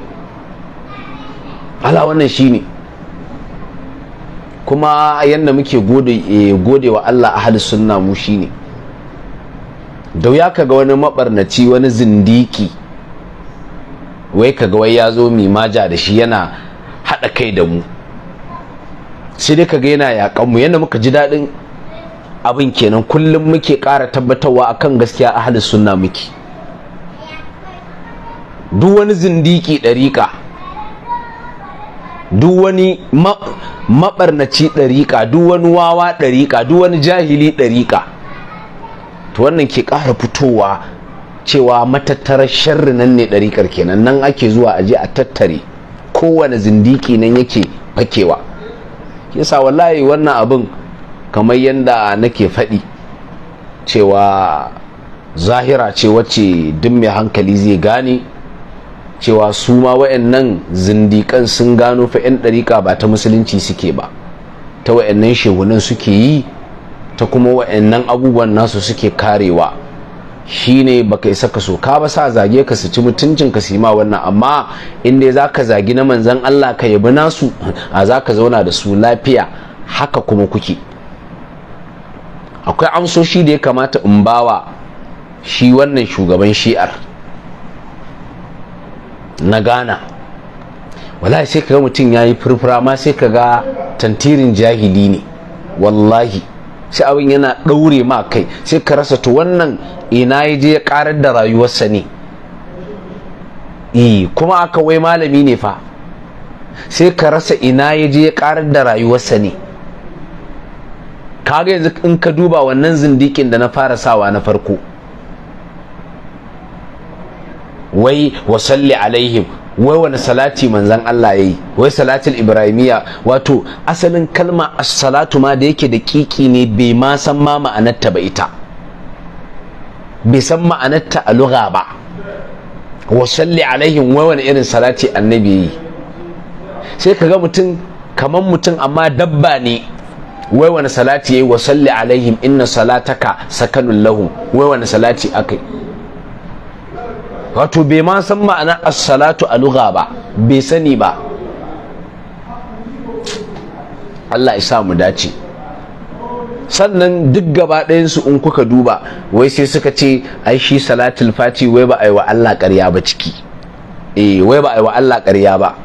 ala wannan shine kuma yadda muke eh, gode wa Allah ahli sunna mu shine da ya kaga wani mabarnaci wani zindiki wai kaga wai ya zo mimaja da shi yana haɗa kai da mu sai dai kaga yana yaƙan mu yana muka ji daɗin abin kenan kullum muke ƙara tabbatarwa akan gaskiya ahalin sunna muke duk wani zindiki ɗariƙa duk wani maɓarnaci ɗariƙa duk wani wawa ɗariƙa duk wani jahili ɗariƙa to wannan ke ƙara fitowa cewa matattarar sharri nan ne ɗariƙar kenan nan ake zuwa aje a tattare kowane zindiki nan yake fakewa yasa wallahi wannan abin kamar yadda nake faɗi cewa zahira ce wacce duk mai hankali zai gane cewa su ma wayannan zindikan sun gano fa 'yan ɗariƙa ba ta musulunci suke ba ta wayannan shehunan suke yi ta kuma wayannan abubuwan nasu suke karewa shine baka isa ka so ka ba sa zage ka su ci mutuncin ka su wannan amma in dai zaka zagi na manzan Allah ka yabi nasu a zaka zauna da su lafiya haka kuma kuke akwai amsoshi da ya kamata in bawa shi wannan shugaban shi'ar na Ghana wallahi sai ka ga mutum ya yi furfura ma sai ka ga tantirin jahili ne wallahi sai abin yana ɗaure ma kai sai ka rasa to wannan ina ya je ya karar da rayuwarsa ne eh, kuma aka wai malami ne fa sai ka rasa ina ya je ya karar da rayuwarsa ne kaga yanzu in ka duba wannan zindikin da na fara sawa na farko wai wasalli alaihim wai wani salati manzan Allah ya yi? wai salatin ibrahimiya wato asalin kalma a salatu ma da yake da kiki ne bai ma san ma ma'anarta ba ita bai san ma'anarta a lura ba wa salli alaihim wai wani irin salati annabi yi. sai kaga mutum kaman mutum amma dabba ne wai wani salati ya yi wa salli alaihim inna salataka sakanun lahu? wai wani salati aka yi? wato bai ma san ma'ana assalatu salatu a lugha ba bai sani ba Allah ya sa mu dace sannan duk gaba ɗayansu in kuka duba wai sai suka ce ai shi salatul fati wai ba a wa Allah ƙarya ba ciki eh wai ba a wa Allah ƙarya ba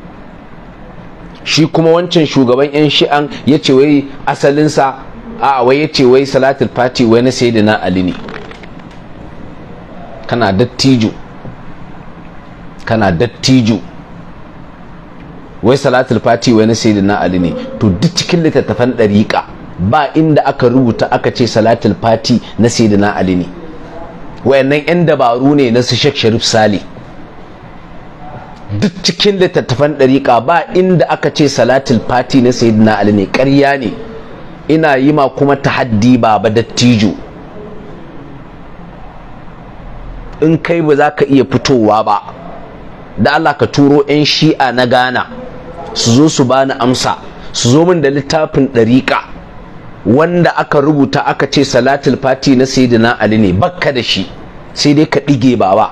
shi kuma wancan shugaban yan shi'an ya ce wai asalinsa a wai ya ce wai salatul fati wai na sayyidina ali ne kana dattijo kana dattijo wai salatul fati wai na sayyidina ali ne to duk cikin littattafan dariƙa ba inda aka rubuta aka ce salatul fati na sayyidina ali ne wayannan yan dabaru ne na su Sharif Sale duk cikin littattafan dariƙa ba inda aka ce salatul fati na sayyidina ali ne ƙarya ne ina yi ma kuma tahaddi baba dattijo in kai ba za ka iya fitowa ba da Allah ka turo 'yan shi'a na Ghana su zo su bani amsa su zo min da littafin ɗariƙa wanda aka rubuta aka ce salatul fati na sayyidina Ali ne bakka da shi sai dai ka ɗige baba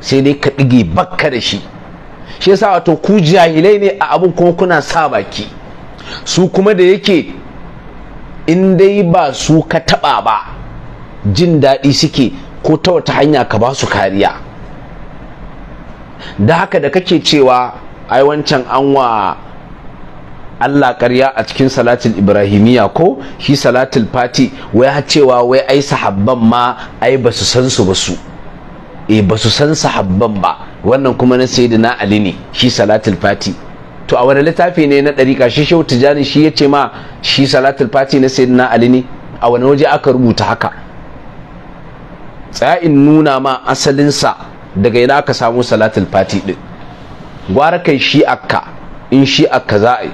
sai dai ka ɗige bakka da shi shi yasa wato ku jahilai ne a abin kuma kuna sa baki su kuma da yake in dai ba su ka taɓa ba jin daɗi suke ko ta wata hanya ka ba su kariya da haka da kake cewa ai wancan an wa Allah ƙarya a cikin salatul ibrahimiya ko shi salatul fati wai cewa wai ai sahabban ma ai ba su san su ba su e ba su san sahabban ba wannan kuma na sayyidina ali ne shi salatul fati to a wani littafi ne na ɗari shi shehu tijani shi ya ce ma shi salatul fati na sayyidina ali ne a wani waje aka rubuta haka tsaya in nuna ma asalinsa daga yana aka samu salatul fati din gwara kai shi akka in shi akka za a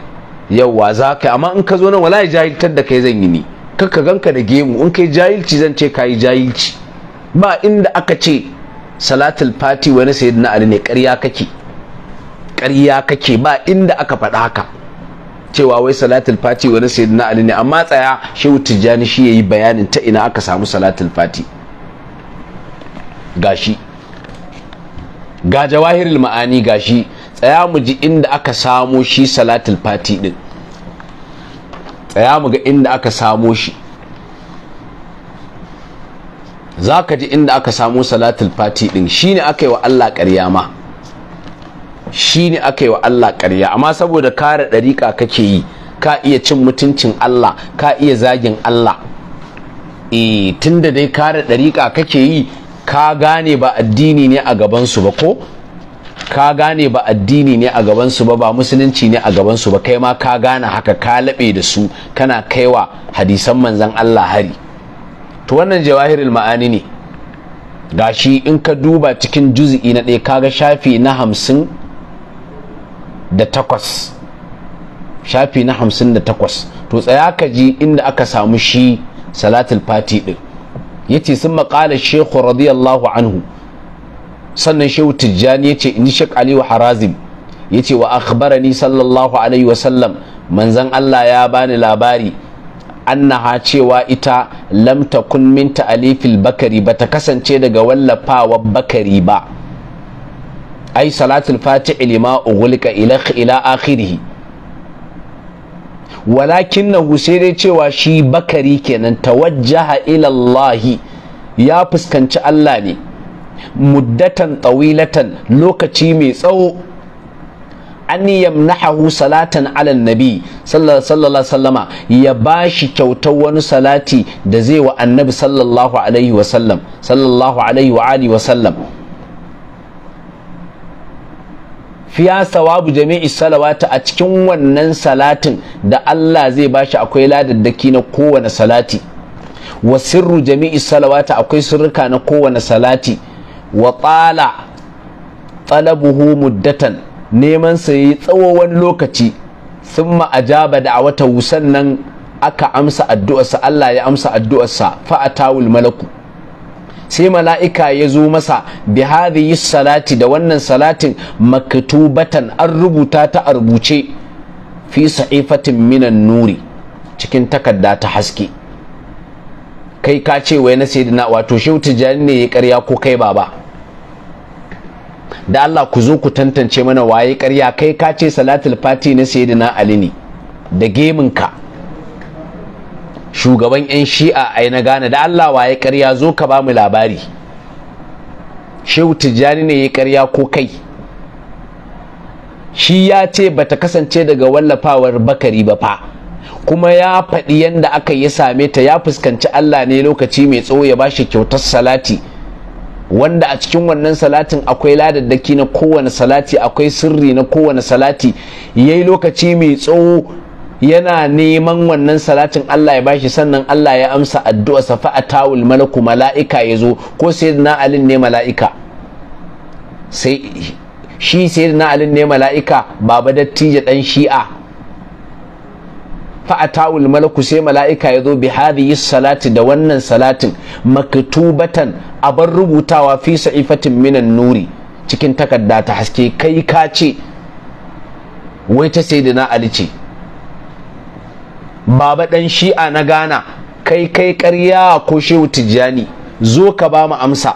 yawa za ka amma in ka zo nan wala jahiltar da kai zan yi ni kakka ganka da gemu in kai jahilci zan ce kayi jahilci ba inda aka ce salatul fati wani na ali ne ƙarya kake ƙarya kake ba inda aka faɗa haka cewa wai salatul fati wani na ali ne amma tsaya shehu tijjani shi ya yi bayanin ta ina aka samu salatul fati gashi ga jawahirul ma'ani gashi tsaya mu ji inda aka samo shi salatul fati din tsaya mu ga inda aka samo shi za ka ji inda aka samo salatul fati din shine aka yi wa Allah ƙarya ma shine aka yi wa Allah ƙarya amma saboda kare ɗariƙa kake yi ka iya cin mutuncin Allah ka iya zagin Allah e tunda dai kare ɗariƙa kake yi ka gane ba addini ne a gabansu ba ko ka gane ba addini ne a gabansu ba ba musulunci ne a gabansu ba kai ma ka gane haka ka laɓe da su kana kaiwa hadisan manzan Allah hari to wannan jawahirul ma'ani ne gashi in ka duba cikin juzi'i na ɗaya kaga shafi na hamsin da takwas shafi na hamsin da takwas to tsaya ka ji inda aka samu shi salatul fati ɗin yace sun maƙalar shekhu radiyallahu anhu sannan shehu tijjani yace in ji shek aliyu harazim yace wa akhbarani sallallahu alaihi wasallam manzan allah ya bani labari annaha cewa ita lam takun min ta'alifil bakari bata kasance daga wallafawa bakari ba ai salatul fati'i lima ughliqa ila ila akhirih walakin na sai dai cewa shi bakari kenan tawajjaha ilallahi ya fuskanci Allah ne muddatan tsawilatan lokaci mai tsawo an yamnahu salatan ala nabi sallallahu wasallama ya bashi kyautar wani salati da zai wa annabi sallallahu alaihi wasallam sallallahu alaihi wa alihi wasallam fiya sawabu jami'i salawata a cikin wannan salatin da Allah zai bashi akwai ladaddaki na kowane salati wa sirru jami'i salawata akwai sirrika na kowane salati wa tsala talabuhu muddatan neman sa yi tsawon lokaci da ajaba wusan nan aka amsa addu'arsa Allah ya amsa addu'arsa fa tawul malaku sai mala'ika ya zo masa bi yi salati da wannan salatin maktubatan an rubuta ta a rubuce fi sa'ifatin minan nuri cikin takarda ta haske kai ka ce wai na sayyidina wato shi tijani ne ya karya ko kai baba da Allah ku zo ku tantance mana waye karya kai ka ce salatul fati na sayyidina ali ne da geminka shugaban 'yan shi'a aina na gane da Allah wa ya karya zo ka ba mu labari shehu tijjani ne ya karya ko kai shi ya ce bata kasance daga wallafawar bakari ba fa kuma ya faɗi yadda aka yi same ta ya fuskanci Allah ne lokaci mai tsawo ya ba shi kyautar salati wanda a cikin wannan salatin akwai ladaddaki na kowane salati akwai sirri na kowane salati ya yi lokaci mai tsawo yana neman wannan salatin Allah ya bashi sannan Allah ya amsa addu'a safa atawul malaku mala'ika yazo ko sayyidina alin ne mala'ika sai shi sayyidina alin ne mala'ika baba dattijo dan shi'a fa atawul malaku sai mala'ika yazo bi hadhihi salati da wannan salatin maktubatan abar rubutawa fi sa'ifatin minan nuri cikin takarda ta haske kai ka ce wai ta sayyidina Ali ce baba dan shi'a na Ghana kai kai karya ko shehu tijjani zo ka ba mu amsa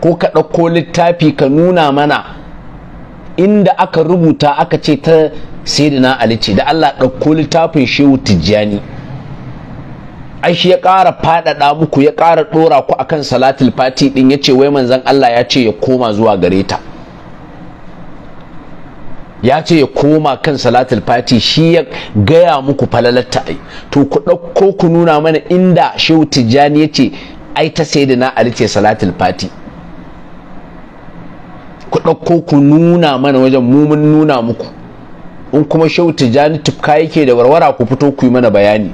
ko ka ɗauko littafi ka nuna mana inda aka rubuta aka ce ta sayyidina ali ce da Allah ɗauko littafin shehu tijjani ai ya ƙara faɗaɗa muku ya ƙara ɗora ku akan salatul fati ɗin yace ce wai manzon Allah ya ce ya koma zuwa gareta. ya ce ya koma kan salatul fati shi ya gaya muku falalatta ai to ku ɗauko ku nuna mana inda shehu tijjani ya ce ai ta sai na ali ce salatul fati ku ɗauko ku nuna mana wajen mumun nuna muku in kuma shehu tijjani tufka yake da warwara ku fito ku yi mana bayani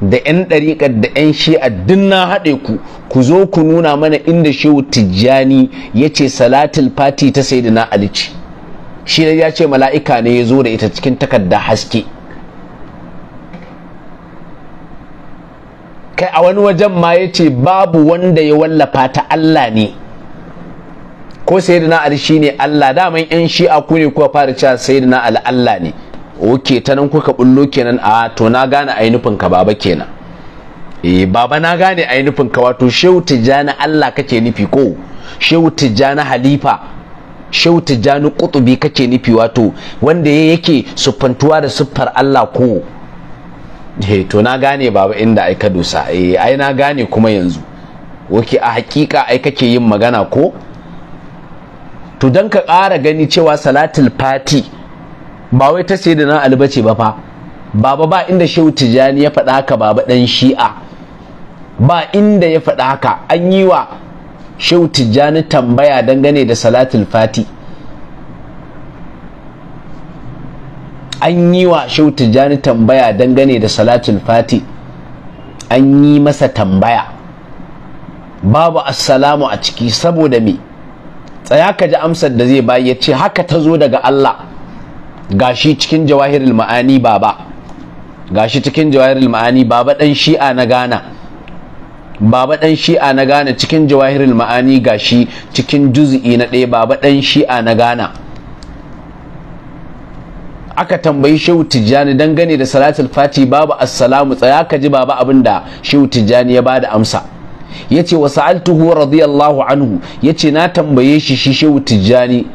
da 'yan ɗariƙar da 'yan shi'a a na haɗe ku ku zo ku nuna mana inda shehu tijjani ya ce salatul fati ta sai na ali ce shi ne ya ce mala'ika ne ya zo da ita cikin takarda haske kai a wani wajen ma ya ce babu wanda ya wallafa ta Allah ne ko da na Ali shine Allah daman yan shi'a ku ne kuka fara cewa da Ali Allah ne oke ta nan kuka bullo kenan a to na gane ainufin ka baba kenan eh baba na gane ainufin ka wato Shehu Tijjani Allah kake nufi ko Shehu Tijjani Halifa shautu jani kutubi kake nufi wato wanda yake siffantuwa da siffar Allah ko eh, to na gane baba inda ai ka dosa eh ai na gane kuma yanzu wake a hakika ai kake yin magana ko to dan ka ƙara gani cewa salatul fati ba wai ta sai da na albace ba fa baba ba inda shehu tijani ya faɗa haka baba ɗan shi'a ba inda ya faɗa haka an yi wa shehu tijjani tambaya dangane da salatul fati an yi wa shehu tijjani tambaya dangane da salatul fati an yi masa tambaya babu assalamu a ciki saboda me tsaya ka ji amsar da zai bayi ya ce haka ta zo daga Allah gashi cikin jawahirul ma'ani baba gashi cikin jawahirul ma'ani baba dan shi'a na gana. baba dan shi'a na gana cikin jawahirin ma'ani ga shi cikin juz'i na ɗaya baba dan shi'a na gana aka tambayi shehu tijjani dangane da salatul fati babu assalamu tsaya ka ji abin da shehu tijjani ya ba da amsa yace wa sa'altuhu radiyallahu anhu yace na tambaye shi shi shehu tijjani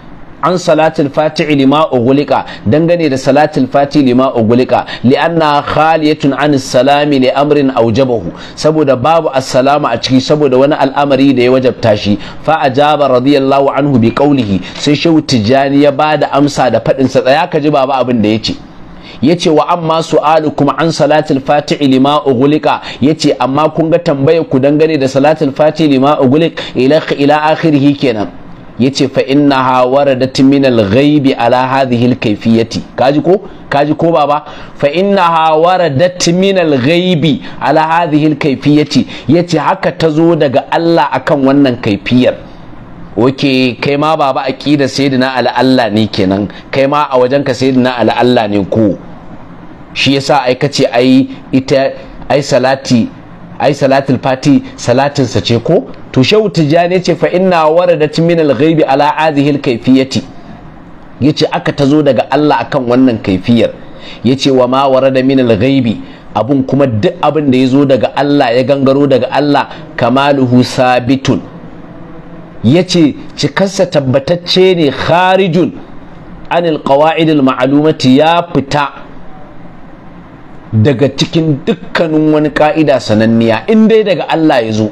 an salatul Fati lima ugulika dangane da salatul Fati lima ughliqa li'anna khaliyatun an salami li amrin aujabahu saboda babu assalamu a ciki saboda wani al'amari da ya wajabta shi fa ajaba radiyallahu anhu bi qawlihi sai shehu tijani ya bada amsa da fadin sa tsaya ka ji baba abin da yace yace wa amma su'alu kuma an salatul Fati lima ugulika yace amma kun ga tambayar ku dangane da salatul Fati lima ugulik ila ila akhirih kenan yace fa innaha waradat min al-ghaibi ala hadhihi al-kayfiyati kaji ko kaji ko baba fa innaha waradat min al-ghaibi ala hadhihi al-kayfiyati yace haka ta zo daga Allah akan wannan kaifiyar oke kai ma baba aqida sayyidina ala Allah ne kenan kai ma a ka sayyidina ala Allah ne ko shi yasa ai kace ai ita ai salati ai salatul fati salatinsa ce ko to shehu tijjani ce fa inna da min al-ghaibi ala azihil yace aka tazo daga Allah akan wannan kaifiyar yace wa ma da min alghaibi ghaibi abun kuma duk abin da yazo daga Allah ya gangaro daga Allah kamaluhu sabitun yace cikarsa tabbatacce ne kharijun anil qawaid al-ma'lumati ya fita daga cikin dukkanin wani ka'ida sananniya in dai daga Allah ya zo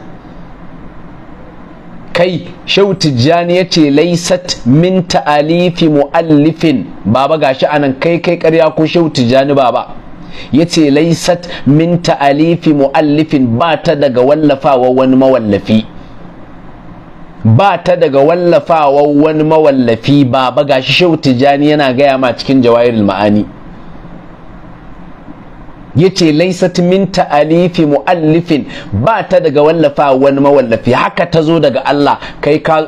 kai shau tijjani ya ce laisat min ta'alifi mu'allifin baba gashi anan kai kai karya ko shau tijjani baba ya ce laisat min ta'alifi mu'allifin ba ta daga wallafawa wani mawallafi ba ta daga wallafawa wani mawallafi baba gashi shau tijjani yana gaya ma cikin jawahirul ma'ani yace laysat min ta'alifi muallifin ba ta daga wallafa wani mawallafi haka ta zo daga Allah kai ka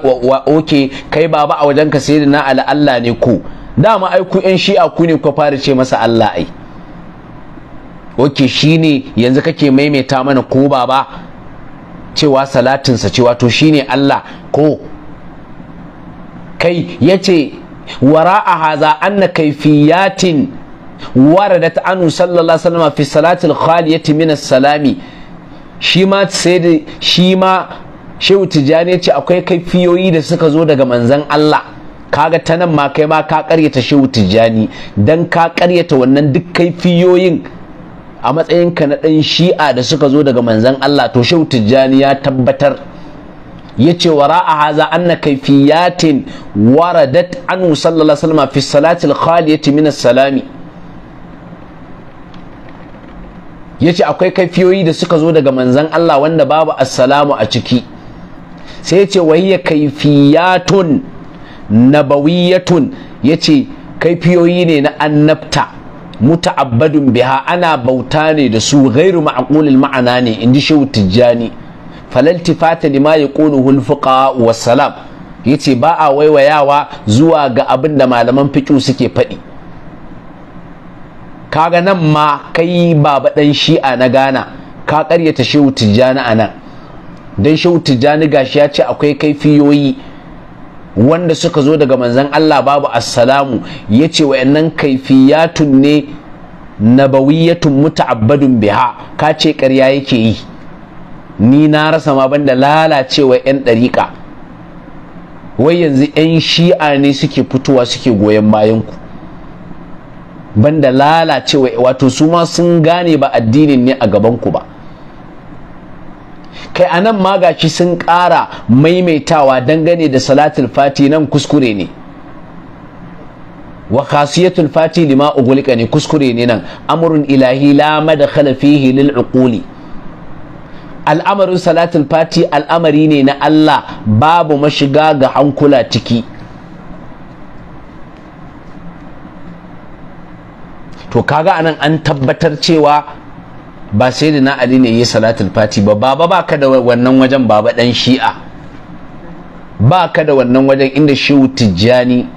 oke kai baba a wajen ka sai na ala Allah ne ku dama ai ku yan shi'a ku ne ku fara ce masa Allah ai oke shine yanzu kake maimaita mana ku baba cewa salatinsa cewa to shine Allah ko kai yace a haza an na kaifiyatin waradat anu sallallahu alaihi wasallam fi salatil khaliyati min salami shi ma sai da shi ma ce akwai kaifiyoyi da suka zo daga manzan Allah kaga ta nan ma kai ma ka karyata shehu tijani dan ka karyata wannan duk kaifiyoyin a matsayinka na ɗan shi'a da suka zo daga manzan Allah to shehu ya tabbatar ya ce wa ra'a haza anna kaifiyatin waradat anhu sallallahu alaihi wasallam fi salatil khaliyati min as-salami yace akwai kaifiyoyi da suka zo daga manzan Allah wanda babu assalamu a ciki sai ya yace wahiya kaifiyatun nabawiyatun yace kaifiyoyi ne na annabta muta'abbadun biha ana bauta ne da su ghairu ma'qulil ma'ana ne inji shehu tijjani falaltifata lima yaquluhu al-fuqa salam yace ba a waiwayawa zuwa ga abin da malaman fiqh suke faɗi kaga nan ma kai baba dan shi'a na Ghana ka karyata Shehu Tijjani a nan dan Shehu Tijjani gashi ya ce akwai kaifiyoyi wanda suka zo daga manzon Allah babu assalamu ya yace wayannan kaifiyatun ne nabawiyatun muta'abbadun biha ka ce ƙarya yake yi ni na rasa ma banda lalacewa 'yan ɗariƙa wai yanzu 'yan shi'a ne suke fitowa suke goyon bayanku banda lalacewa wato su ma sun gane ba addinin ne a gaban ku ba kai anan magaci sun ƙara maimaitawa dangane da salatul fati nan kuskure ne wa khasiyatul fati lima ugulika ne kuskure ne nan amrun ilahi la madkhala fihi lil uquli al'amarin salatul fati al'amari ne na Allah babu mashiga ga hankula ciki to kaga anan an tabbatar cewa ba sai da na ali ne yi salatul fati ba baba ba ka da wannan wajen baba dan shi'a ba ka da wannan wajen inda shehu tijjani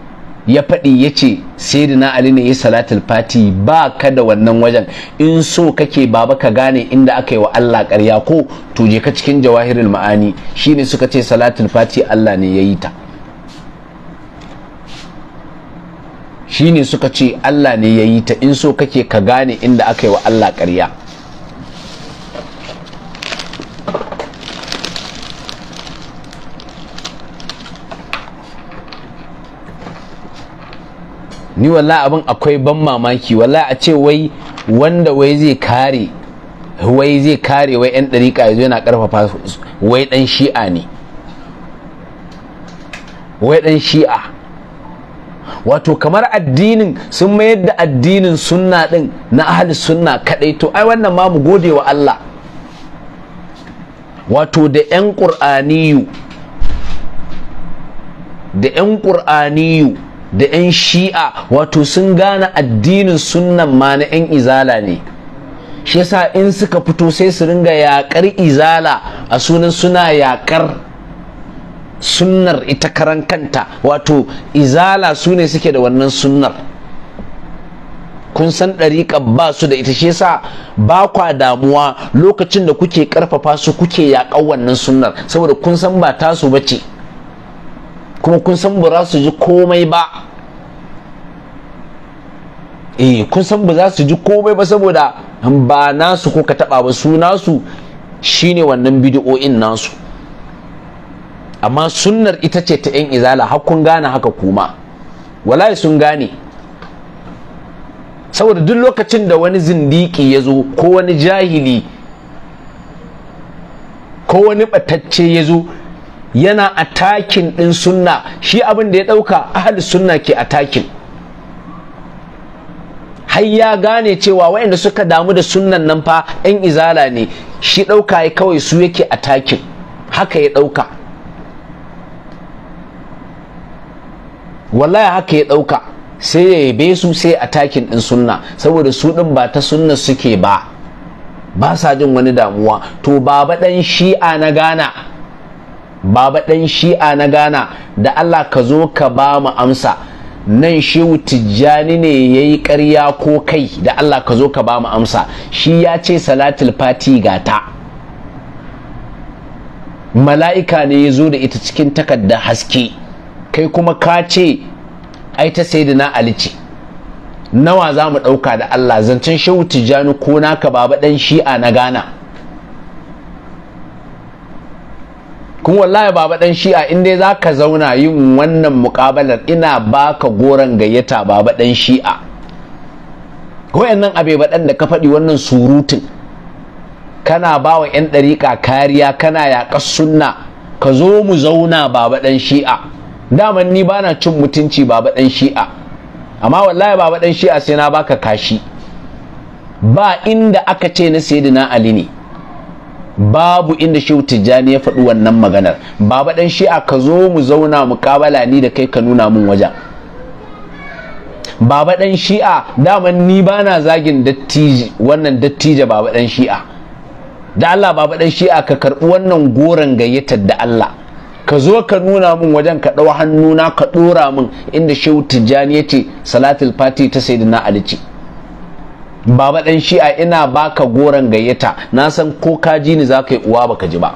ya faɗi ya ce sai na ali ne yi salatul fati ba ka da wannan wajen in so kake baba ka gane inda aka yi wa allah karya ko to ka cikin jawahirul ma'ani shi ne suka ce salatul fati allah ne ya yi ta shine suka ce Allah ne ya yi ta in so kake ka gane inda aka yi wa Allah ƙarya ni walla abin akwai ban mamaki walla a ce wai wanda wai zai kare wai zai kare wai yan dariƙa ya zo yana ƙarfafa wai ɗan shi'a ne wai ɗan shi'a wato kamar addinin sun mayar da addinin sunna din na ahli sunna kadai to ai wannan ma mu gode wa Allah wato da 'yan ƙur'aniyu da 'yan qur'aniyu da 'yan shi'a wato sun gane addinin sunnan ma na 'yan izala ne shi yasa in suka fito sai su ringa yaƙar izala a sunan suna yaƙar sunnar ita karan kanta wato izala su ne suke da wannan sunnar kun san ɗariƙa ba su da ita shi sa ba kwa damuwa lokacin da kuke ƙarfafa su kuke yaƙan wannan sunnar saboda kun san ba tasu ba ce kuma kun san ba za su ji komai ba eh kun san ba za su ji komai ba saboda ba nasu kuka taɓa ba su nasu shine wannan bidi'o'in nasu amma sunnar ita ce ta yan izala har kun gane haka kuma wallahi sun gane saboda duk lokacin da wani zindiki ya zo ko wani jahili ko wani batacce ya zo yana atakin din sunna shi abin da ya dauka ahli sunna ke atakin har ya gane cewa waɗanda suka damu da sunnan nan fa 'yan izala ne shi dauka ya kawai su yake atakin haka ya dauka. wallahi haka ya ɗauka sai ya yabe su sai a takin ɗin sunna saboda su ɗin ba ta sunna suke ba ba sa jin wani damuwa to baba ɗan shi'a na gana baba ɗan shi'a na gana da Allah ka zo ka ba mu amsa nan shehu tijjani ne ya yi ƙarya ko kai da Allah ka zo ka ba mu amsa shi ya ce salatul fati gata mala'ika ne ya zo da ita cikin takarda haske kai kuma ka ce ai ta sayyidina ali ce nawa za mu ɗauka da Allah zancen shehu tijjani ko naka baba ɗan shi'a na Ghana kuma wallahi baba ɗan shi'a in dai za ka zauna yin wannan muƙabalar ina baka goron gayyata baba ɗan shi'a yannan abe baɗan da ka faɗi wannan surutun kana ba wa 'yan ɗariƙa kariya kana yaƙar sunna ka zo mu zauna baba ɗan shi'a daman ni bana cin mutunci baba dan shi'a amma wallahi baba dan shi'a sai na baka kashi ba inda aka ce na sayyidina ali ne babu inda shi tijjani ya faɗi wannan maganar baba dan shi'a ka zo mu zauna mu mukabala ni da kai ka nuna min wajen baba dan shi'a daman ni bana zagin dattiji wannan dattija baba dan shi'a da Allah baba dan shi'a ka karɓi wannan goron gayyatar da Allah ka zo ka nuna min wajen ka ɗau hannuna ka ɗora min inda shehu tijjani ya ce salatul fati ta sai na alice baba ɗan shi'a ina baka goron gayyata na san ko ka ji ni za ka yi uwa baka ji ba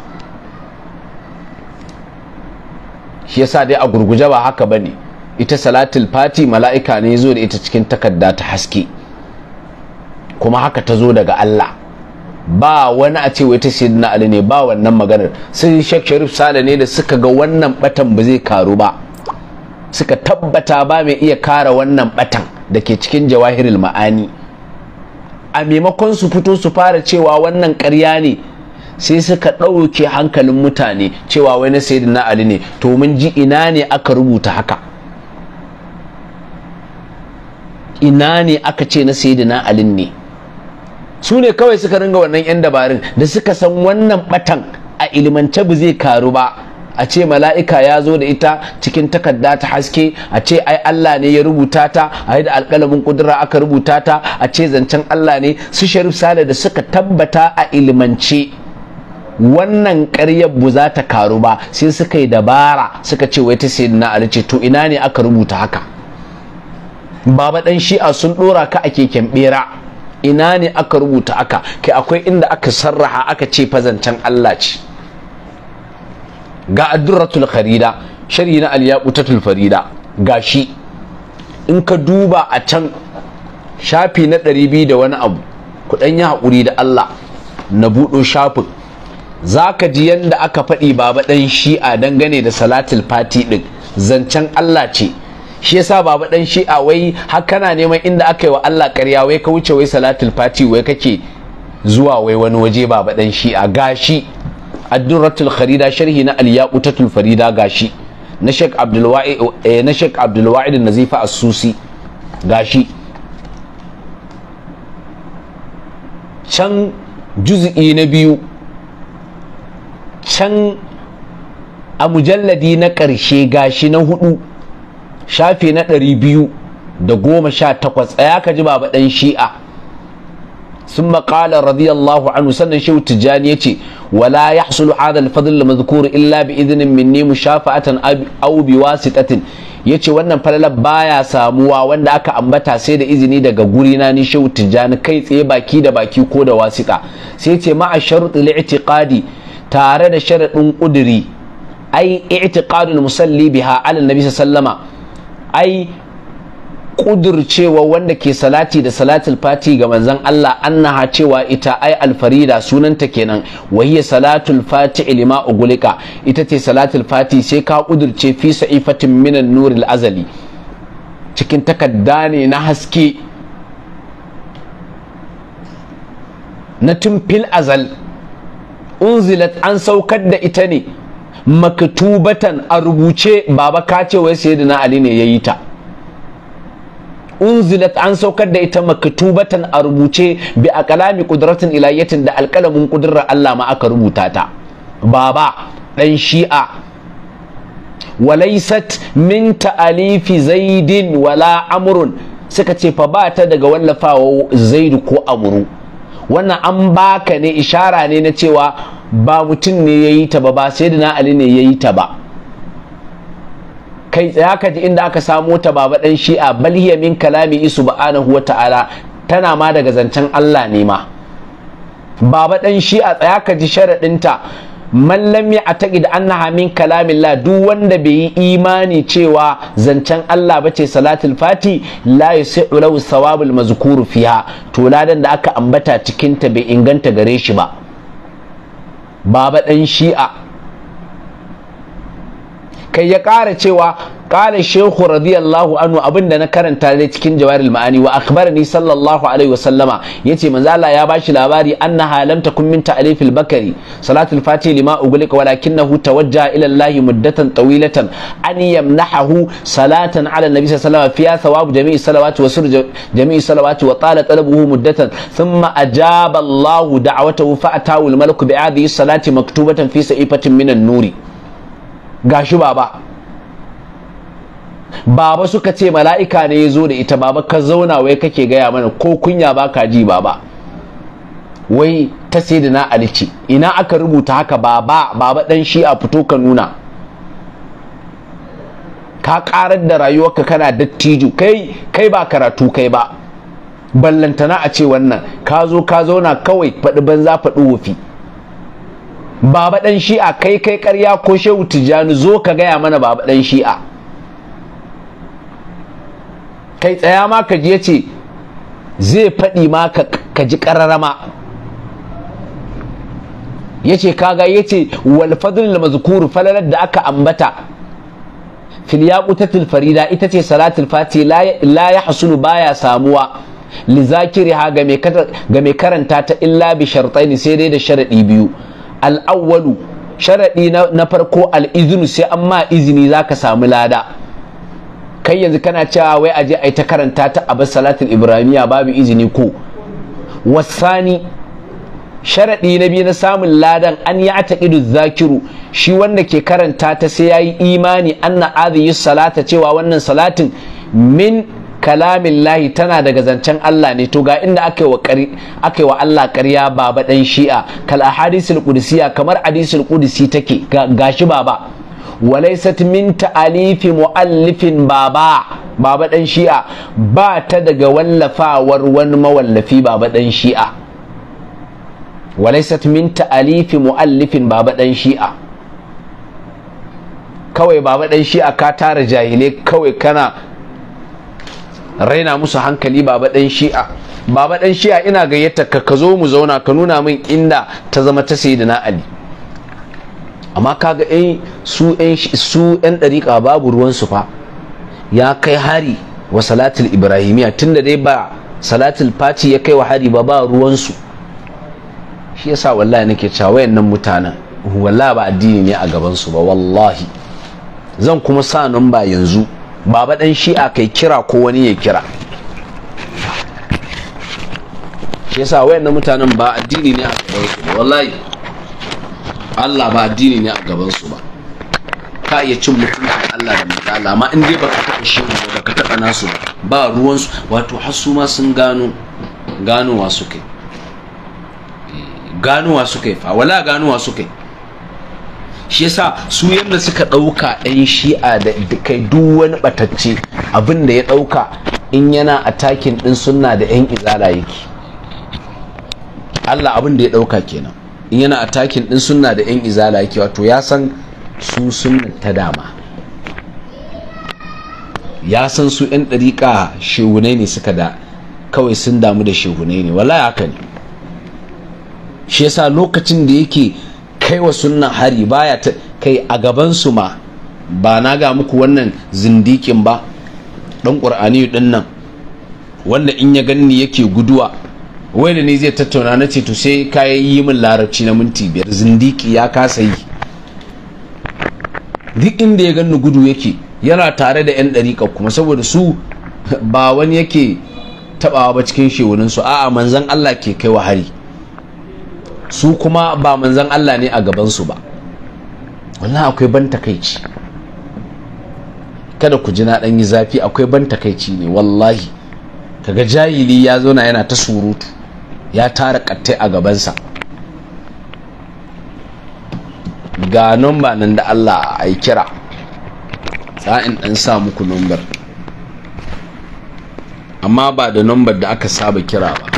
shi yasa dai a gurguje ba haka bane ita salatul fati mala'ika ne zo da ita cikin takarda ta haske kuma haka ta zo daga Allah ba wani a ce wai ta na ali ne ba wannan maganar sai shek sharif sale ne da suka ga wannan batan ba zai karu ba suka tabbata ba mai iya kara wannan batan da ke cikin jawahirul ma'ani a maimakon su fito su fara cewa wannan karya ne sai suka ɗauke hankalin mutane cewa wai na sayyidina ali ne to mun ji ina ne aka rubuta haka ina ne aka ce na sayyidina ali ne su ne kawai suka ringa wannan 'yan dabarun da suka san wannan batan a ilimance bu zai karu ba a ce mala'ika ya zo da ita cikin takarda ta haske a ce ai Allah ne ya rubuta ta a da alƙalamin kudura aka rubuta ta a ce zancen Allah ne su sharif sale da suka tabbata a ilimance wannan ƙaryar bu za ta karu ba sai suka yi dabara suka ce wai ta sai na alice to ina ne aka rubuta haka baba dan shi'a sun ɗora ka a keken bera ina ne aka rubuta aka kai akwai inda aka sarraha aka ce fazancen Allah ce ga addurratul kharida sharhi na aliyaqutatul farida gashi in ka duba a can shafi na 200 da wani abu ku dan yi hakuri da Allah na budo shafin zaka ji yanda aka faɗi baba dan shi'a dangane da salatul fati din zancen Allah ce shi yasa baba dan shi'a wai har kana neman inda aka yi wa Allah ƙarya wai ka wuce wai salatul fati wai kake zuwa wai wani waje baba dan shi'a gashi addurratul kharida sharhi na aliyaqutatul farida gashi na Sheikh Abdul Wa'id eh, na Sheikh Abdul Nazifa As-Susi gashi can juz'i na biyu can a mujalladi na ƙarshe gashi na hudu shafi na ɗari biyu da goma sha takwas ya ka ji baba ɗan shi'a sun maƙalar radiyallahu anhu sannan shehu tijjani ya ce wala ya hasulu hada alfadl mazkur illa bi idinin minni mushafa'atan aw bi wasitatin yace wannan falalar baya samuwa wanda aka ambata sai da izini daga guri na ni shehu tijjani kai tsaye baki da baki ko da wasita sai ce ma'a sharuɗi li'tiqadi tare da sharaɗin ƙuduri ai i'tiqadul musalli biha ala nabi sallama ai kudurcewa wanda ke salati da salatul fati ga manzon Allah annaha cewa ita ai alfarida sunanta kenan wahiya salatul fati ilima ugulika ita ce salatul fati sai ka kudurce fi sa'ifatin minan nuril azali cikin takadda ne na haske na tumfil azal unzilat an saukar da ita ne maktubatan a rubuce baba ka ce wai da ali ne yayi ta unzilat an saukar da ita maktubatan a rubuce bi a kalami qudratin ilayatin da alkalamin kudurar Allah ma aka rubuta ta baba dan shi'a walaisat min ta'alifi zaidin wala amurun suka ce fa ba ta daga wallafawa zaidu ko amuru. wannan an baka ne ishara ne na cewa ba mutum ne ya yi ta ba ba sai da ali ne ya yi ta ba kai tsaya ka ji inda aka samo ta ba ɗan shi'a bal hiya min kalami isu ba'anahu wa ta'ala tana ma daga zancen Allah ne ma baba ɗan shi'a tsaya ka ji sharaɗinta man lam taƙi da annaha min kalamillah duk wanda bai yi imani cewa zancen Allah bace salatul fati la sai lahu thawabul mazkuru fiha to ladan da aka ambata cikinta bai inganta gare shi ba baba ɗan shi'a kai ya ƙara cewa qala shaykhu radiyallahu anhu da na karanta dai cikin jawar ma'ani wa akhbarani sallallahu alaihi wa sallama yace manzo Allah ya bashi labari annaha lam takun min ta'lif al-bakari salatul Fati lima ughliq walakinahu tawajjaha ila Allah muddatan tawilatan an yamnahu salatan ala nabi sallallahu alaihi wa sallama fiha thawab jami'i salawati wa sirr jami'i salawati wa tala talabuhu muddatan thumma ajaba Allah da'watahu fa atahu al-malaku bi hadhihi salati maktubatan fi sa'ifatin min an-nuri gashi ba. baba suka ce mala'ika ne ya zo da ita baba ka zauna wai kake gaya mana ko kunya ba ka ji baba wai ta sai da na alice ina aka rubuta haka baba baba dan shi a fito ka nuna ka karar da rayuwarka kana dattijo kai kai ba karatu kai ba ballantana a ce wannan ka zo ka zauna kawai faɗi banza faɗi wofi baba dan shi'a kai kai ƙarya ko shehu tijjani zo ka gaya mana baba dan shi'a kai tsaya ma ka ji ce zai faɗi ma ka ji ƙararrama ya kaga ya ce walfadun lamazukuru falalar da aka ambata fil yaqutatil farida ita ce salatul fati la ya hasulu baya samuwa li ha ga mai karanta ta illa bi shartain sai dai da sharadi biyu al sharaɗi na farko al sai amma izini zaka samu lada kai yanzu kana cewa wai aje ai ta karanta ta a salatul ibrahimiya babu izini ko wasani sharaɗi na biyu na samun ladan an ya ta idu zakiru shi wanda ke karanta ta sai yayi imani anna azi salata cewa wannan salatin min kalamin lahi tana daga zancen Allah ne to ga inda kari ake wa Allah ƙarya baba dan shi'a kal ahadisul qudsiya kamar hadisul qudsi take gashi baba walaisat min ta'alifi mu'allifin baba baba dan shi'a ba ta daga wallafawar wani mawallafi baba dan shi'a walaisat min ta'alifi mu'allifin baba dan shi'a kawai baba dan shi'a ka tara jahilai kawai kana raina musu hankali baba dan shi'a baba dan shi'a ina gayyata ka ka zo mu zauna ka nuna min inda ta zama ta sayyidina ali amma kaga ɗin su yan su dariƙa babu ruwan su fa ya kai hari wa salatul ibrahimiyya tunda dai ba salatul fati ya kai wa hari ba ba ruwan su shi yasa wallahi nake cewa wayannan mutanen wallahi ba addini ne a gaban su ba wallahi zan kuma sa nan ba yanzu baba dan shi'a kai kira ko wani ya kira shi yasa wayannan mutanen ba addini ne a gaban su wallahi Allah ba addini ne a gabansu ba ka iya cin mutuncin Allah da manzala amma in dai baka taɓa shi ba baka taɓa nasu ba ruwansu wato har su ma sun gano ganowa suke ganowa suke fa wala ganowa suke shi yasa su yadda suka ɗauka ɗan shi'a da kai duk wani batacce abin da ya ɗauka in yana a takin ɗin sunna da 'yan izala yake Allah abin da ya ɗauka kenan in yana atakin din sunna da yan izala yake wato ya san su sunna ta dama ya san su yan dariƙa shehunai ne suka da kawai sun damu da shehunai ne wallahi haka ne shi yasa lokacin da yake kai wa sunna hari baya ta kai a gaban su ma ba na ga muku wannan zindikin ba dan qur'ani din nan wanda in ya ganni yake guduwa wai da ni zai tattauna na ce to sai ka yi min larabci na minti biyar zindiki ya kasa yi duk inda ya ganni gudu yake yana tare da 'yan dariƙa kuma saboda su ba wani yake tabawa ba cikin su a'a manzan Allah ke kai wa hari su kuma ba manzan Allah ne a gabansu ba wannan akwai ban takaici kada ku ji na yi zafi akwai ban takaici ne wallahi kaga jahili ya zauna yana ta surutu ya tara katte a gabansa ga numba nan da Allah a kira sa'in ɗan sa muku numbar. amma ba da numbar da aka saba kira ba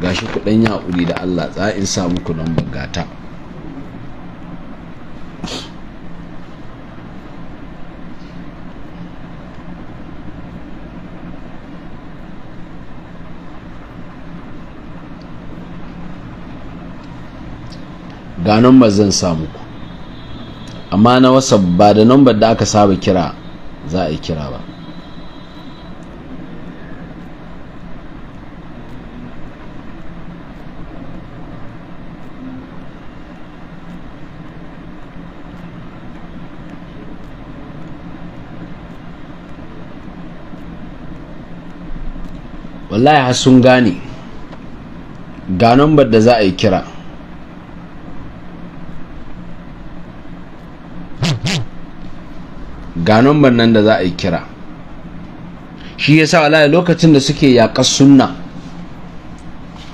gashi kuɗin yaƙuri da Allah in sa muku numbar gata ga numbar zan sa muku amma na whatsapp ba da numbar da aka saba kira za a yi kira ba wallahi har sun gane ga numbar da za a yi kira ga numban nan da za a yi kira shi ya yasa wallahi lokacin da suke yaƙar sunna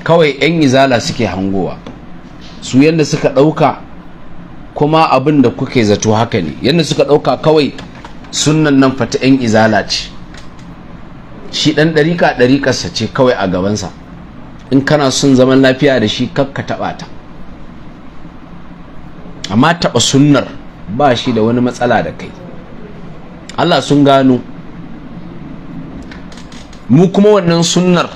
kawai 'yan izala suke hangowa su yadda suka ɗauka kuma abin da kuke zato haka ne yadda suka ɗauka kawai sunnan nan fata 'yan izala ce shi ɗan ɗariƙa ɗarikarsa ce kawai a gabansa in kana sun zaman lafiya da shi kakka taɓa ta amma taɓa sunnar ba shi da wani matsala da kai Allah sun gano mu kuma wannan sunnar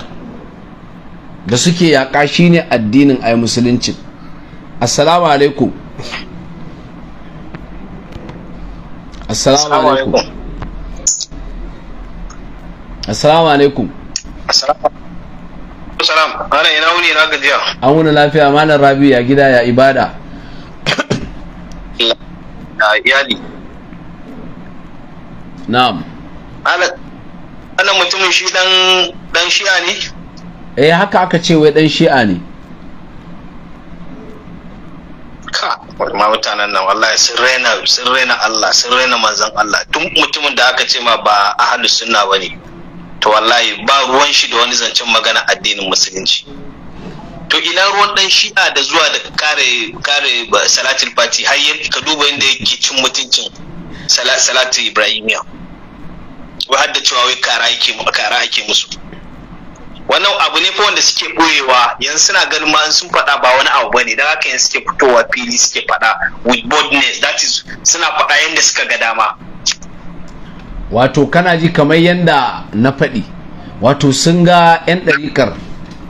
da suke yaƙa shi ne addinin ai musulunci assalamu alaikum assalamu alaikum assalamu alaikum salam ana ina wuni na gajiya an wuni lafiya malam rabi ya gida ya ibada ya iyali na'am ana mutumin shi dan shi'a ne eh haka aka ce wai dan shi'a ne ka ma mutanen nan wallahi sun raina sun raina Allah sun raina manzon Allah tun mutumin da aka ce ma ba ahlus sunna bane to wallahi ba ruwan shi da wani zancen magana addinin musulunci to ina ruwan dan shi'a da zuwa da kare kare salatul fati har ka duba inda yake cin mutuncin salatu ibrahimiyya wai har da cewa wai kara ake kara ake musu wannan abu ne fa wanda suke boyewa yanzu suna ganin ma sun faɗa ba wani abu bane dan haka yanzu suke fitowa fili suke faɗa with boldness that is suna faɗa yanda suka ga dama wato kana ji kamar yanda na faɗi wato sun ga 'yan ɗarikar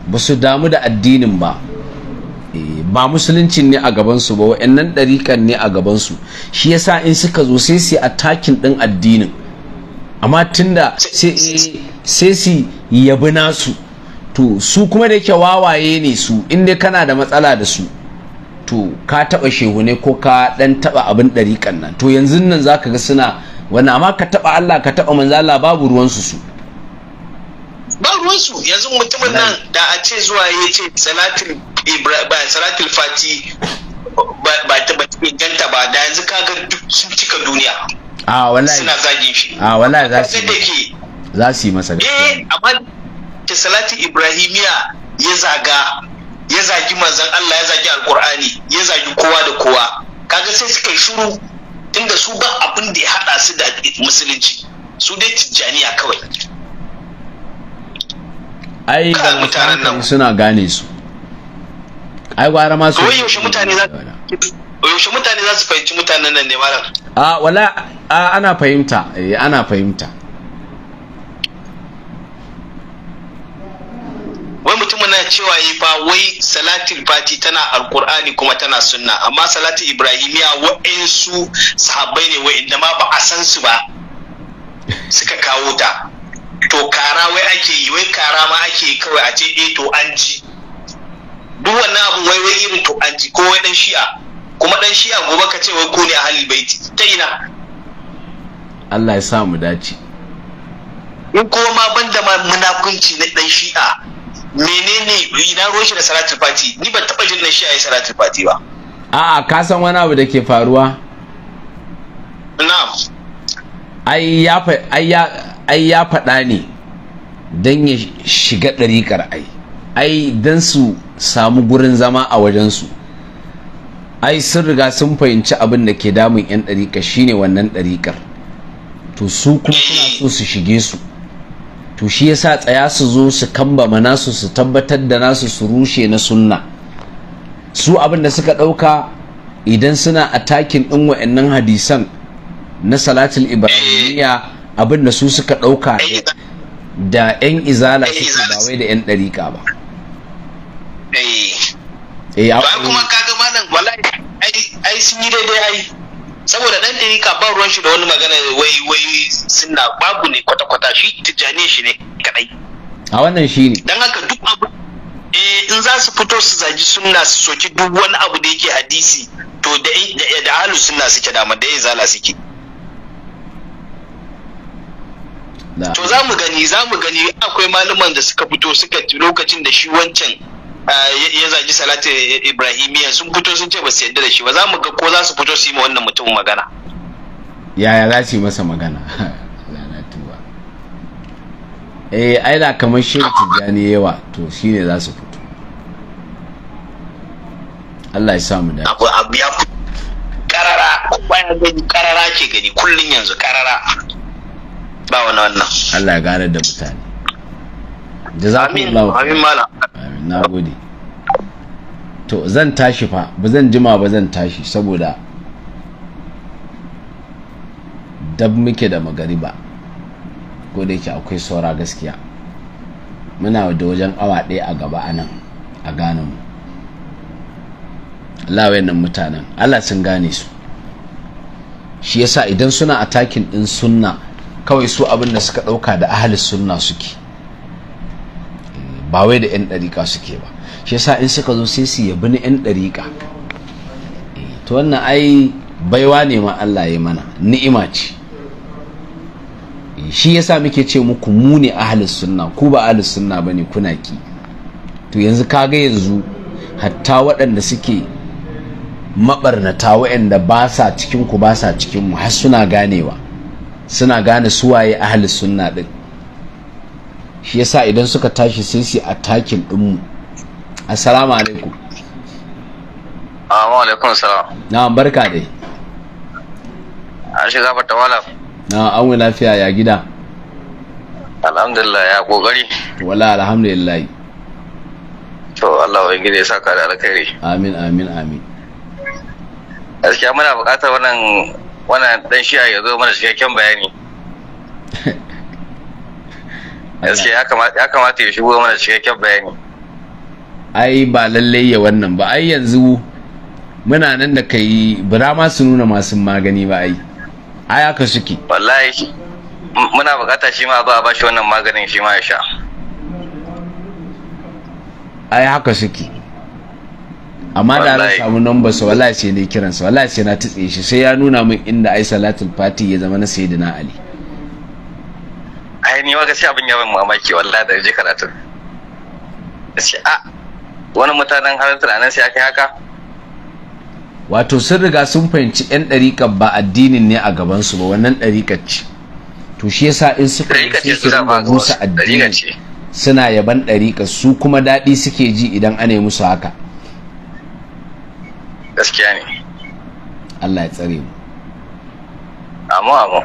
ba su damu da addinin ba eh, ba musuluncin ne a gabansu ba wa'annan ɗarikan ne a gabansu shi yasa in suka zo sai su yi attacking ɗin addinin amma tunda sai su yabi nasu to su kuma da yake wawaye ne su inda kana da matsala da su to ka taba shehu ne ko ka dan taba abin dariƙan nan to yanzu nan za ka ga suna wani amma ka taba Allah ka taba manzala babu ruwansu su ba ruwansu yanzu mutumin nan da a ce zuwa ya ce salatul fati ba ta inganta ba da yanzu ka ga duk sun cika duniya a ah, wallahi suna zagin shi a ah, wallahi za su yi za su yi masa eh amma ta salati ibrahimiya ya zaga ya zagi manzon Allah ya zagi alqur'ani ya zagi kowa da kowa kaga sai suka yi shiru tunda su ba abin da ya hada su da musulunci su dai tijjaniya kawai ai ga mutanen nan suna gane su ai gwara ma su yaushe mutane za yaushe mutane za su fahimci mutanen nan ne malam a wala ana fahimta eh, ana fahimta wai mutumin na cewa yi fa wai salatin fati tana alkur'ani kuma tana sunna amma salatul ibrahimiya wa'insu sahabbai ne da ma ba a san su ba suka kawo ta to kara wai ake yi wai kara ma ake yi kawai a ce eh to an ji duk wannan abu wai wai irin to an ji ko wai dan shi'a kuma dan shi a gobe ka ce wai ku ne a halin baiti ta ina Allah ya sa dace in kuma ma banda da munafunci na dan shi'a menene ina roshi da salatul fati ni ban taba jin na shi'a yi salatul fati ba a'a ka san wani abu da ke faruwa na'am ai ya ai faɗa ne don ya shiga ɗariƙar ai ai don su samu gurin zama a wajen su. ai sun riga sun fahimci abin da ke damun 'yan ɗariƙa shine wannan ɗariƙar to su kuma suna so su shige su to shi yasa tsaya su zo su kambama nasu su tabbatar da nasu su rushe na sunna su abin da suka ɗauka idan suna takin ɗin wa'annan hadisan na salatul ibrahimiyya abin da su suka ɗauka da 'yan izala suke ba wai da 'yan ɗariƙa ba. Eh. Eh, malam wallahi ai sun yi daidai ai saboda dan da yake ba ruwan shi da wani magana wai wai sunna babu ne kwata kwata shi tijjani shi ne kadai a wannan shi ne dan haka duk abu eh in za su fito su zaji sunna su soki duk wani abu da yake hadisi to da da ahlu sunna suke da madai zala suke to za mu gani za mu gani akwai malaman da suka fito suka lokacin da shi wancan Ah, ya zagi salatu ibrahimiya sun fito sun ce ba su yadda da shi ba za mu ga ko za su fito su yi ma wannan mutum magana yaya za su yi masa magana (laughs) eh ai da kamar shirin tijjani yawa to shine za su fito Allah ya samu da abu abu ya karara kwaya gani karara ke gani kullun yanzu karara ba wani wannan Allah ya gane da mutane jazakumullahu amin malam na gode to zan tashi fa ba zan jima ba zan tashi saboda dab muke da magariba ko da yake akwai saura gaskiya muna da wajen awa ɗaya a gaba a nan a gane mu Allah nan mutanen Allah sun gane su shi yasa idan suna a takin ɗin sunna kawai su abin da suka ɗauka da ahalis sunna suke ba wai da 'yan ɗariƙa suke ba shi yasa in suka zo sai su yabi na 'yan ɗariƙa eh, to wannan ai baiwa ne ma Allah ya mana ni'ima ce eh, shi yasa muke ce muku mu ne ahlus sunna ku ba ahlus sunna bane kuna ki to yanzu kaga yanzu hatta waɗanda suke mabarnata waɗanda ba sa cikin ku ba sa cikin mu har suna ganewa suna gane suwaye ahlus sunna din shi yasa idan suka tashi sai su attacking din mu assalamu alaikum Assalamu alaikum salam na barka dai a shiga bata wala na an wani lafiya ya gida alhamdulillah ya kokari wala alhamdulillah to Allah wa gida ya saka da alkhairi amin amin amin gaskiya muna buƙatar wannan wannan dan shi ya zo mana cikakken bayani (laughs) gaskiya ya kamata ya shigo mana cikakken bayani ai ba lallai ya wannan ba ai yanzu muna nan da kai bura ma su nuna masu magani ba ai ai haka suke wallahi muna bukata shi ma ba a bashi wannan maganin shi ma ya sha ai haka suke amma da na samu number su wallahi sai ne kiransa wallahi sai na tutse shi sai ya nuna min inda ai salatul fati ya zama na sayyidina ali ai ni ma sai abin ya ban mamaki wallahi da je karatu sai a ah, wani mutanen har tunanin sai aka haka wato sun riga sun fahimci yan ɗariƙar ba addinin ne a gaban su ba wannan ɗariƙar ce to shi yasa in suka sai su rinka musu addini suna yaban ɗariƙar su kuma daɗi suke ji idan ana yi musu haka gaskiya ne Allah ya tsare mu amma amma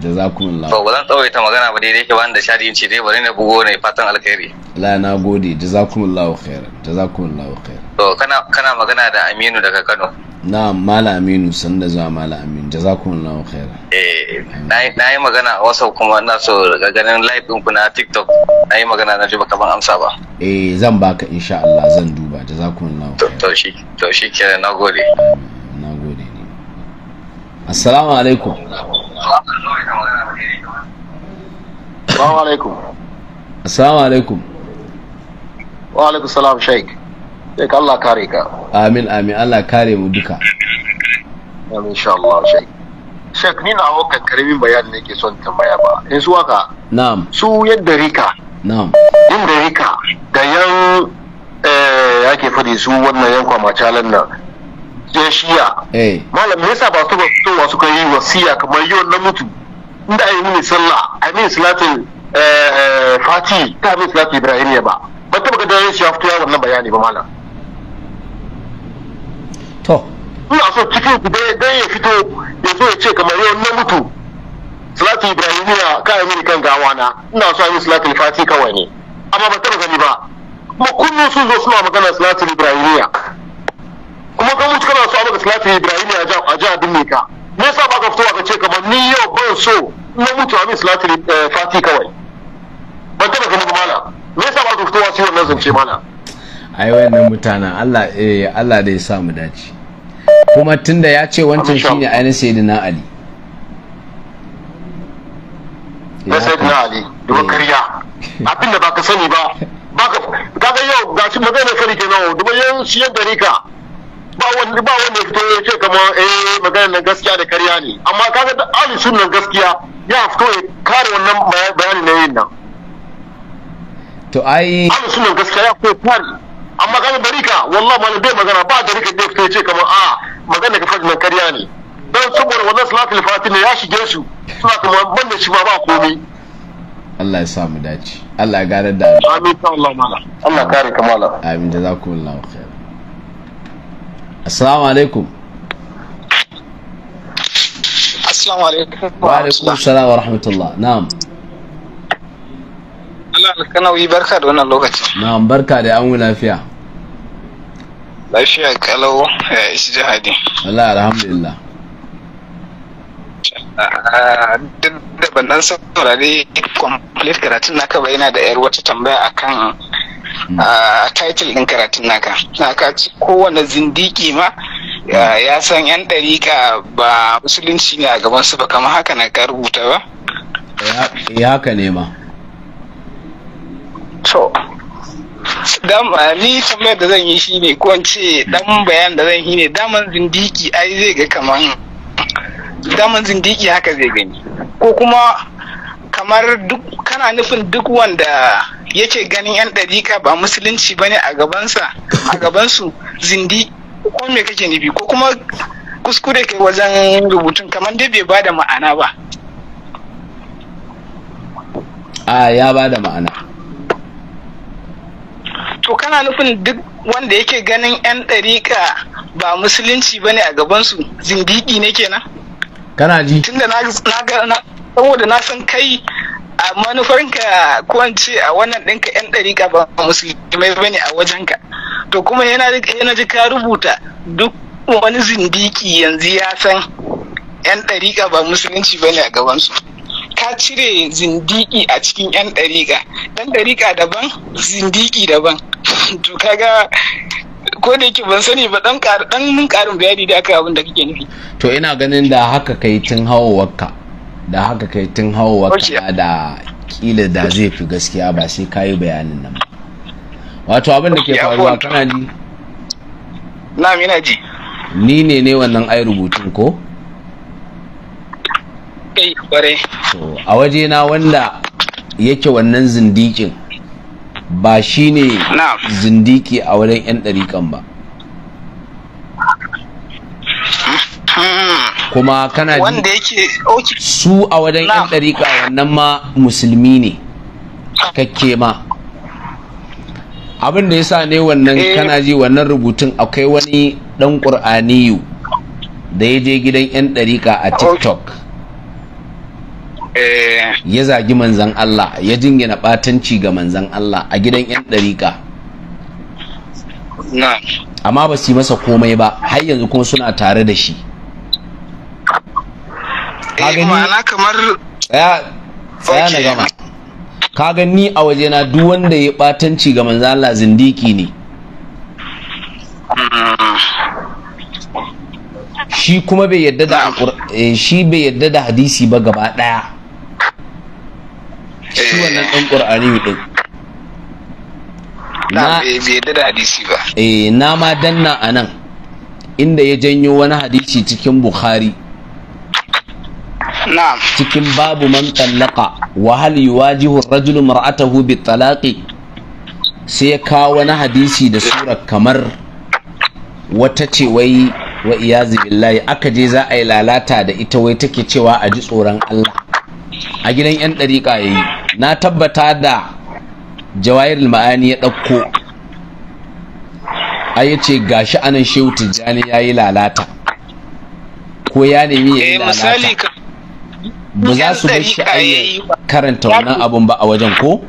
da za ku Allah. To ba zan ta magana ba daidai ke ba da shadi in ce dai bari na bugo ne fatan alkhairi. La na gode jazakumullahu khairan jazakumullahu khair. To kana kana magana da Aminu daga Kano. Na Mala Aminu san da zuwa Mala Aminu jazakumullahu khair. Eh na yi magana a WhatsApp kuma na so ga ganin live din ku na TikTok na yi magana na ji baka ban amsa ba. Eh zan baka insha Allah zan duba jazakumullahu khairan. To shi to shi kenan Na Nagode. assalamu alaikum assalamu alaikum assalamu alaikum wa alaikum salam sheik sheik Allah kare ka amin amin Allah kare mu duka amin insha Allah sheik sheik ni na min bayan ne ke son tambaya ba in su haka na'am su yadda rika na'am yadda rika da yan eh yake fadi su wannan yan kwamacalan nan yan shiya eh. malam yasa ba su ba su towa suka yi wasiya kamar yau na mutu inda a yi mini sallah a mini salatin eh, eh, fati ta mini salatin ibrahim ya ba ba ta magana yin shafi fitowa wannan bayani ba malam to ina so cikin ku dai ya fito ya so ya ce kamar yau na mutu salatin ya ka yi mini kan gawa na ina so a yi salatin fati kawai ne amma ba ta magani ba kuma kullum sun zo suna magana salatin ya kuma kan mutu kana so a maka salatin ibrahim a ji abin ne ka me yasa ka fitowa ka ce kamar ni yau ban so na mutu a min salatin eh, fati kawai ban taba ganin mala me yasa fito fitowa sai wannan zance mana ai wayannan mutanen Allah eh Allah da ya sa mu dace kuma tunda ya ce wancan shine ainihin sayyidina ali na sayyidina ali domin eh. kariya (laughs) da baka sani ba baka kaga yau shi magana kari kenan domin yan shi yan rika ka ba wanda ba wanda fito ya ce kamar eh maganar nan gaskiya da karya ne amma kaga da ahli sunnan gaskiya ya fito ya kare wannan bayani na yin nan to ai ahli sunnan gaskiya ya fito kare amma kaga barika wallahi malam bai magana ba barika bai fito ya ce kamar a maganar ka fadi nan kariya ne don saboda wannan salatul fatih ne ya shige su suna kuma banda shi ba ba komai Allah ya sa mu dace Allah ya gane da amin Allah mala Allah kare kamala amin jazakumullahu khair assalamu alaikum assalamu alaikum wa alaikum assalam wa rahmatullah na'am Allah alkanawi barka da wannan lokaci na'am barka da an lafiya lafiya kalau ya isi jihadi Allah alhamdulillah ah, duk da ban dan saurari complete karatun naka bai yana da yar wata tambaya akan a title din karatun naka naka ci kowane zindiki ma ya san yan dariƙa ba musulunci ne a gaban su ba kamar haka na ka rubuta ba ya ka ne ma dan ni tambayar da zan yi shi ne ko ce dan bayan da zan yi ne daman zindiki ai zai ga kaman daman zindiki haka zai gani ko kuma kamar duk kana nufin duk wanda yake ganin yan ɗariƙa ba musulunci ne a gabansa a gabansu zindi ko me kake nufi ko kuma kuskure kai wajen rubutun kamar dai bai bada ma'ana ba a ya bada ma'ana to kana nufin duk wanda yake ganin yan ɗariƙa ba musulunci ba ne a gabansu zindiki ne kenan kana ji tunda na saboda na san kai a manufarka ko a wannan ɗinka 'yan ɗariƙa ba musulmai ba ne a wajenka to kuma yana ji ka rubuta duk wani zindiki yanzu ya san 'yan ɗariƙa ba musulunci ba ne a gabansu ka cire zindiki a cikin 'yan ɗariƙa ɗan ɗariƙa daban zindiki daban to kaga ko da yake ban sani ba ɗan ƙarin bayani da aka abin da kake nufi to ina ganin da haka kai tun hawa wakka da haka kai tun hawa kana da kila da zai fi gaskiya ba sai ka yi bayanin nan wato abin da ke faruwa kana ji na mina ji ni ne ne wannan ai rubutun ko kai eh, kware to a waje na wanda yake wannan zindikin ba shi ne zindiki a wurin 'yan ɗarikan ba hmm? kuma kana ji wanda yake su a wajen yan ɗariƙa wannan ma musulmi ne kake ma abin da sa ne wannan eh. kana ji wannan rubutun akwai wani ɗan ƙur'aniyu da ya je gidan yan ɗariƙa a tiktok eh. ya zagi manzan Allah ya jingina ɓatanci ga manzan Allah a gidan yan ɗariƙa amma ba su yi masa komai ba har yanzu kuma suna tare da shi ka eh, gani ma'ana kamar tsaya tsaya na gama ka gani a wajena duk wanda ya batanci ga manzo Allah zindiki ne hmm. shi kuma bai yadda da eh, shi bai yadda da hadisi ba gaba daya shi eh. wannan dan qur'ani din na bai yadda da hadisi ba eh na ma danna anan inda ya janyo wani hadisi cikin bukhari cikin babu man tallaka wa hal yuwajihu rajulu mar'atahu bi talaqi sai kawo wani hadisi da sura kamar wata ce wai wa iyazi billahi aka je za a yi lalata da ita wai take cewa a ji tsoron Allah a gidan yan dariƙa yayi na tabbata da jawahirul ma'ani ya ɗauko a ya ce gashi anan shehu tijjani ya yi lalata ko ya nemi ya yi eh, lalata ba za su bar shi karanta wannan abun ba a wajen ko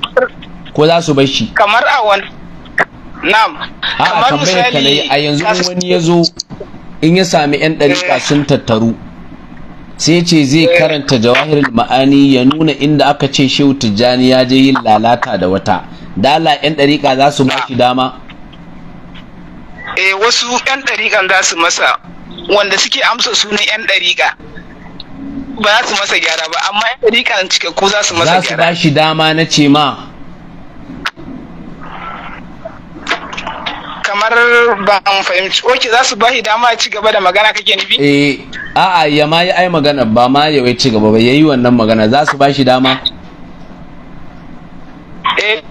ko za su bar shi kamar a wani na'am a tambayar ka nayi a yanzu wani ya zo in ya sami yan dariƙa eh. sun tattaru sai ce zai eh. karanta jawahirul ma'ani ya nuna inda aka ce shehu tijjani ya je yin lalata da wata dala yan dariƙa za su ba shi dama eh wasu yan dariƙan za su masa wanda suke amsa sunan yan dariƙa ba za su masa gyara ba amma yan dariƙa ku za su masa gyara za su ba shi dama na ce ma kamar ba an fahimci oke za su ba shi dama ci gaba da magana kake nufi eh a'a ya ma yi ai magana ba ma ya wai ci gaba ba yayi wannan magana za su ba shi dama eh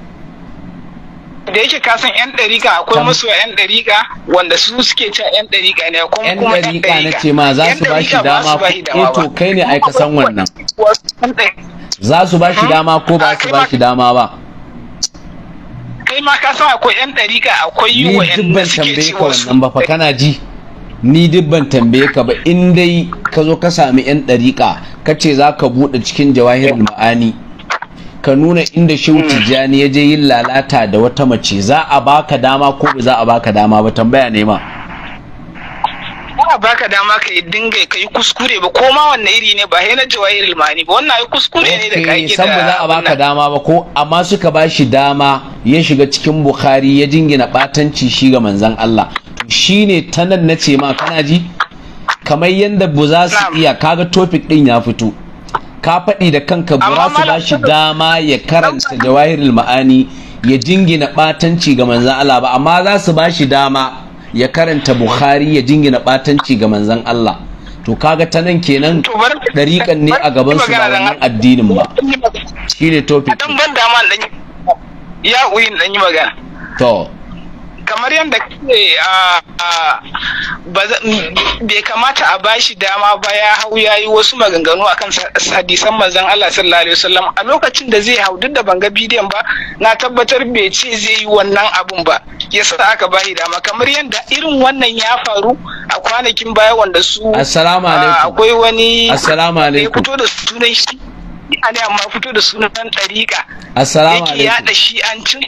da yake kasan yan ɗarika akwai musu yan ɗarika wanda su suke cin yan ɗarika ne kuma yan ɗarika na ce ma eh za su ba shi dama ko to kai ne aika san wannan za su ba shi dama ko ba ah, su ba shi dama ba kai ma ka san akwai yan ɗarika akwai yi wa yan suke ci wasu ba fa kana ji ni duk tambaye ka ba in dai ka zo ka sami yan ɗarika ka ce za ka buɗe cikin jawahirin ma'ani ka nuna inda shehu hmm. tijjani ya je yin lalata da wata mace za a baka dama ko ba za a baka dama ba tambaya ne ma ba baka dama ka yi dinga ka yi kuskure ba ko ma wanne iri ne ba na jawahir ilmani ba wannan kuskure ne da kai san ba za a baka dama ba ko amma suka ba shi dama ya shiga cikin bukhari ya jingina batanci shi ga manzon Allah shine ta nan nace ma kana ji kamar yanda ba za su iya kaga topic din ya fito ka faɗi da kanka ba su ba shi dama ya karanta jawahirul ma'ani ya jingina batanci ga manzan Allah ba amma za su ba shi dama ya karanta Bukhari ya jingina batanci ga manzan Allah to kaga ta nan kenan ɗariƙan ne a gaban su ba addinin ba shine topic dan ban dama dan ya uyin dan yi magana kamar yadda ke bai kamata a bashi dama ba ya hau ya yi wasu maganganu akan hadisan manzon Allah sallallahu alaihi wasallam a lokacin da zai hau duk da banga bidiyon ba na tabbatar bai ce zai yi wannan abun ba ya sa aka bashi dama kamar yadda irin wannan ya faru a kwanakin baya wanda su akwai wani alaikum fito da sunan shi ana amma fito da sunan alaikum yake yaɗa shi an cin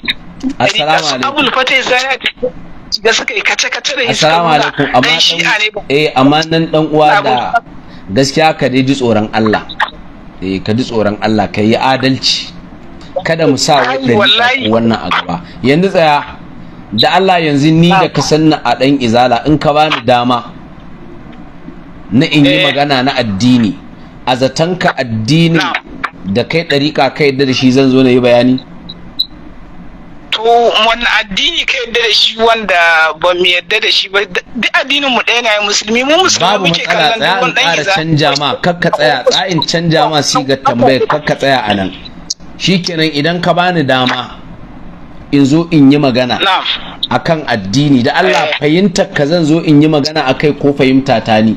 assalamu alaikum abul fatih zayat da suka yi kace kace da assalamu alaikum amma eh amma nan dan uwa da gaskiya ka dai ji tsoron Allah eh ka ji tsoron Allah ka yi adalci kada mu sa wannan a gaba yanzu tsaya da Allah yanzu ni da ka sanna a dan izala in ka bani dama na in yi eh. magana na addini a zatanka addini da kai ɗariƙa kai da shi zan zo na yi bayani wani addini ka yadda da shi wanda ba mu yadda da shi ba duk addinin mu ɗaya na musulmi mu musulmi muke kallon duk wani ɗan canja ma kakka tsaya tsayin canja ma ga tambayar kakka tsaya a nan shikenan idan ka bani dama in zo in yi magana akan addini da Allah eh. fahimtar ka zan zo in yi magana akai ko fahimta ta ni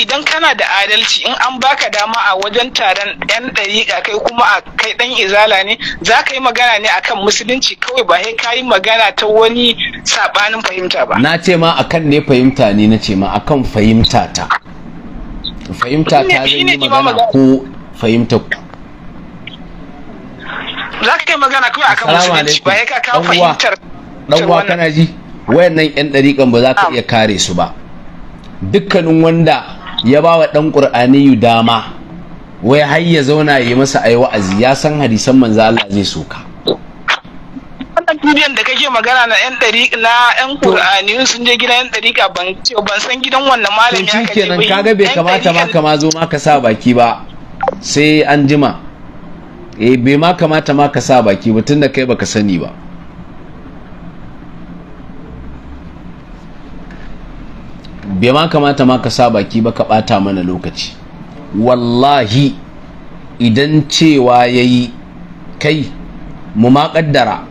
idan kana da adalci in an baka dama a wajen taron yan dariƙa kai kuma a kai dan izala ne za ka yi magana ne a kan musulunci kawai ba sai ka yi magana ta wani sabanin fahimta ba na ce ma akan ne fahimta ne na ce ma akan fahimta ta fahimta ta zai yi magana ko fahimta ku za ka yi magana kawai a kan musulunci ba sai ka kawo fahimtar dan kana ji wayannan yan dariƙan ba za ka iya kare su ba dukkanin wanda ya ba wa ɗan ƙur'aniyu dama wai har ya zauna ya masa ayi wa'azi ya san hadisan manzo Allah zai soka wannan bidiyon da kake magana na ƴan ɗari na ƴan ƙur'ani sun je gidan ƴan dariƙa ban ce ban san gidan wannan malami ya kaje kenan kaga bai kamata ma ka ma zo ma ka sa baki ba sai an jima eh bai ma kamata ma ka sa baki ba tunda kai baka sani ba bai ma kamata ma ka sa baki ba ka bata mana lokaci wallahi idan cewa ya yi kai mu ma kaddara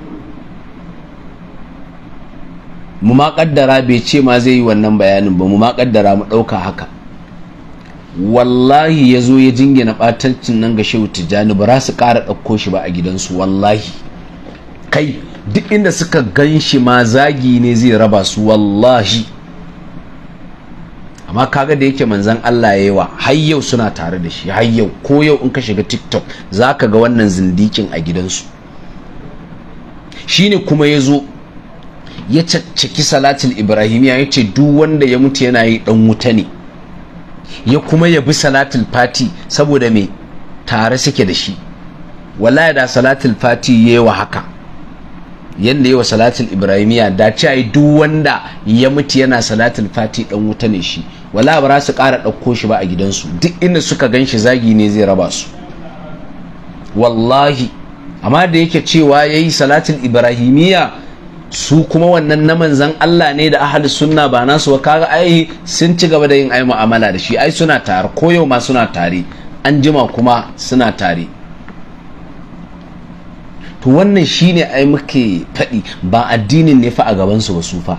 mu ma kaddara bai ce ma zai yi wannan bayanin ba mu ma kaddara mu ɗauka haka wallahi ya zo ya jingina ɓatancin nan ga shehu tijjani ba su ƙara ɗauko shi ba a gidansu wallahi kai duk inda suka gan shi ma zagi ne zai raba su wallahi amma kaga da yake manzan Allah ya yi wa har yau suna tare da shi har yau ko yau in ka shiga tiktok za ka ga wannan zindikin a gidansu shine kuma ya zo ya caccaki salatul ibrahim ya ce duk wanda ya mutu yana yi dan wuta ne ya kuma ya bi salatul fati saboda me tare suke da shi wallahi da salatul fati yayi wa haka yadda yawa salatul ibrahimiya da ci duk wanda ya mutu yana salatul fati dan wuta ne shi wala ba za su ƙara ɗauko shi ba a gidansu duk inda suka gan shi zagi ne zai raba su wallahi amma da yake cewa ya yi salatul ibrahimiya su kuma wannan na manzan Allah ne da ahli sunna ba nasu ba kaga ai sun ci gaba da yin ai mu'amala da shi ai suna tare ko yau ma suna tare an jima kuma suna tare to wannan shine ai muke faɗi ba addinin ne fa a gabansu ba su fa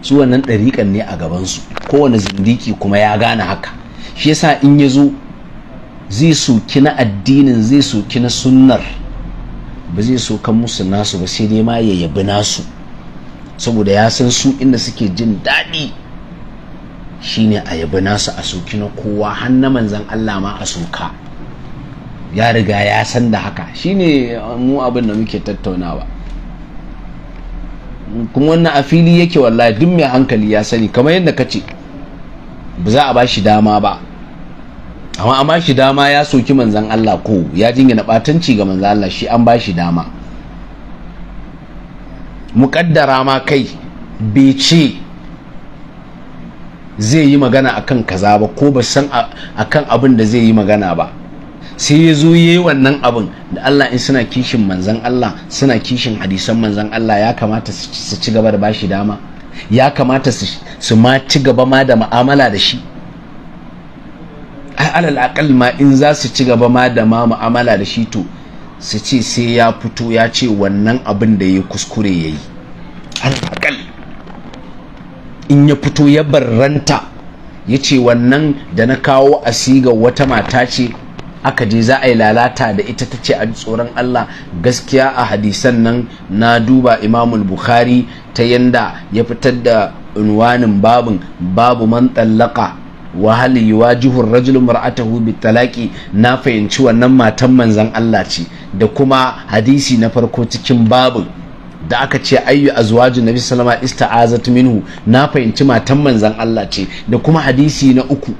su wannan ɗariƙan ne a gabansu kowane zindiki kuma ya gane haka shi yasa in ya zo zai soki na addinin zai soki na sunnar ba zai sokan musu nasu ba sai dai ma ya yabi nasu saboda ya san su inda suke jin daɗi shine a yabi nasu a soki na kowa har na manzan Allah ma a soka ya riga ya san da haka shine mu abin da muke tattaunawa kuma wannan a fili yake wallahi duk mai hankali ya sani kamar yadda ka ce ba za a ba shi dama ba amma ba shi dama ya soki manzan Allah ko ya jingina batanci ga manzan Allah shi an ba shi dama muƙaddara ma kai bai ce zai yi magana akan kaza ba ko ba san akan abin da zai yi magana ba sai ya zo yi wannan abin da Allah in suna kishin manzan Allah suna kishin hadisan manzan Allah ya kamata su ci gaba da bashi dama ya kamata su ma ci gaba ma da ma'amala da shi ai alal akal ma in za su ci gaba ma da ma mu'amala da shi to su ce sai ya fito ya ce wannan abin da ya kuskure yayi yi alal akal in ya fito ya barranta ya ce wannan da na kawo asiga wata mata ce aka je za a yi lalata da ita ta ce a tsoron Allah gaskiya a hadisan nan na duba imamul bukhari ta yanda ya fitar da unwanin babin babu man tsallaka wahali jihun rajulun mar'atahu talaki. na fahimci wannan matan manzon Allah ce da kuma hadisi na farko cikin babin da aka ce ayyu azwaju nabi sallama ista'azat minhu na fahimci matan manzon Allah ce da kuma hadisi na uku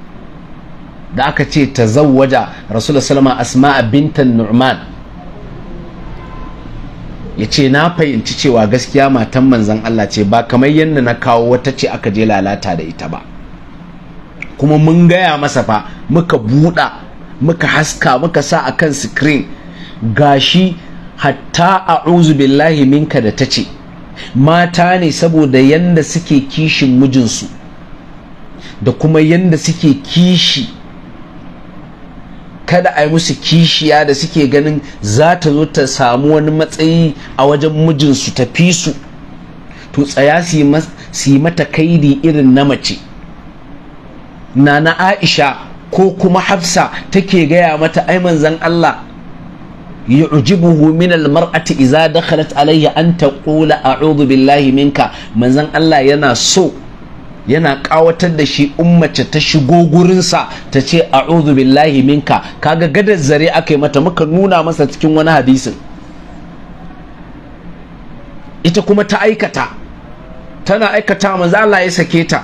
da aka ce ta zawaja rasulullah salama asma'a bintan nu'man ya ce na fahimci cewa gaskiya matan manzan Allah ce ba kamar yadda na kawo wata ce aka je lalata da ita ba kuma mun gaya masa fa muka buɗa muka haska muka sa a kan screen gashi hatta a billahi minka da ta ce mata ne saboda yadda suke kishin mijinsu da kuma yadda suke kishi kada a yi musu kishiya da suke ganin za ta zo ta samu wani matsayi a wajen mijinsu ta fi su to tsaya su yi mata kaidi irin na mace nana aisha ko kuma hafsa take gaya mata ai manzan allah yu'jibuhu min almar'ati idza dakhalat alayya an taqula a'udhu billahi minka manzan allah yana so yana ƙawatar da shi ummace ta shigo gurinsa ta ce a billahi minka kaga gadar zare aka yi mata muka nuna masa cikin wani hadisin ita kuma ta aikata tana aikata manzo Allah ya sake ta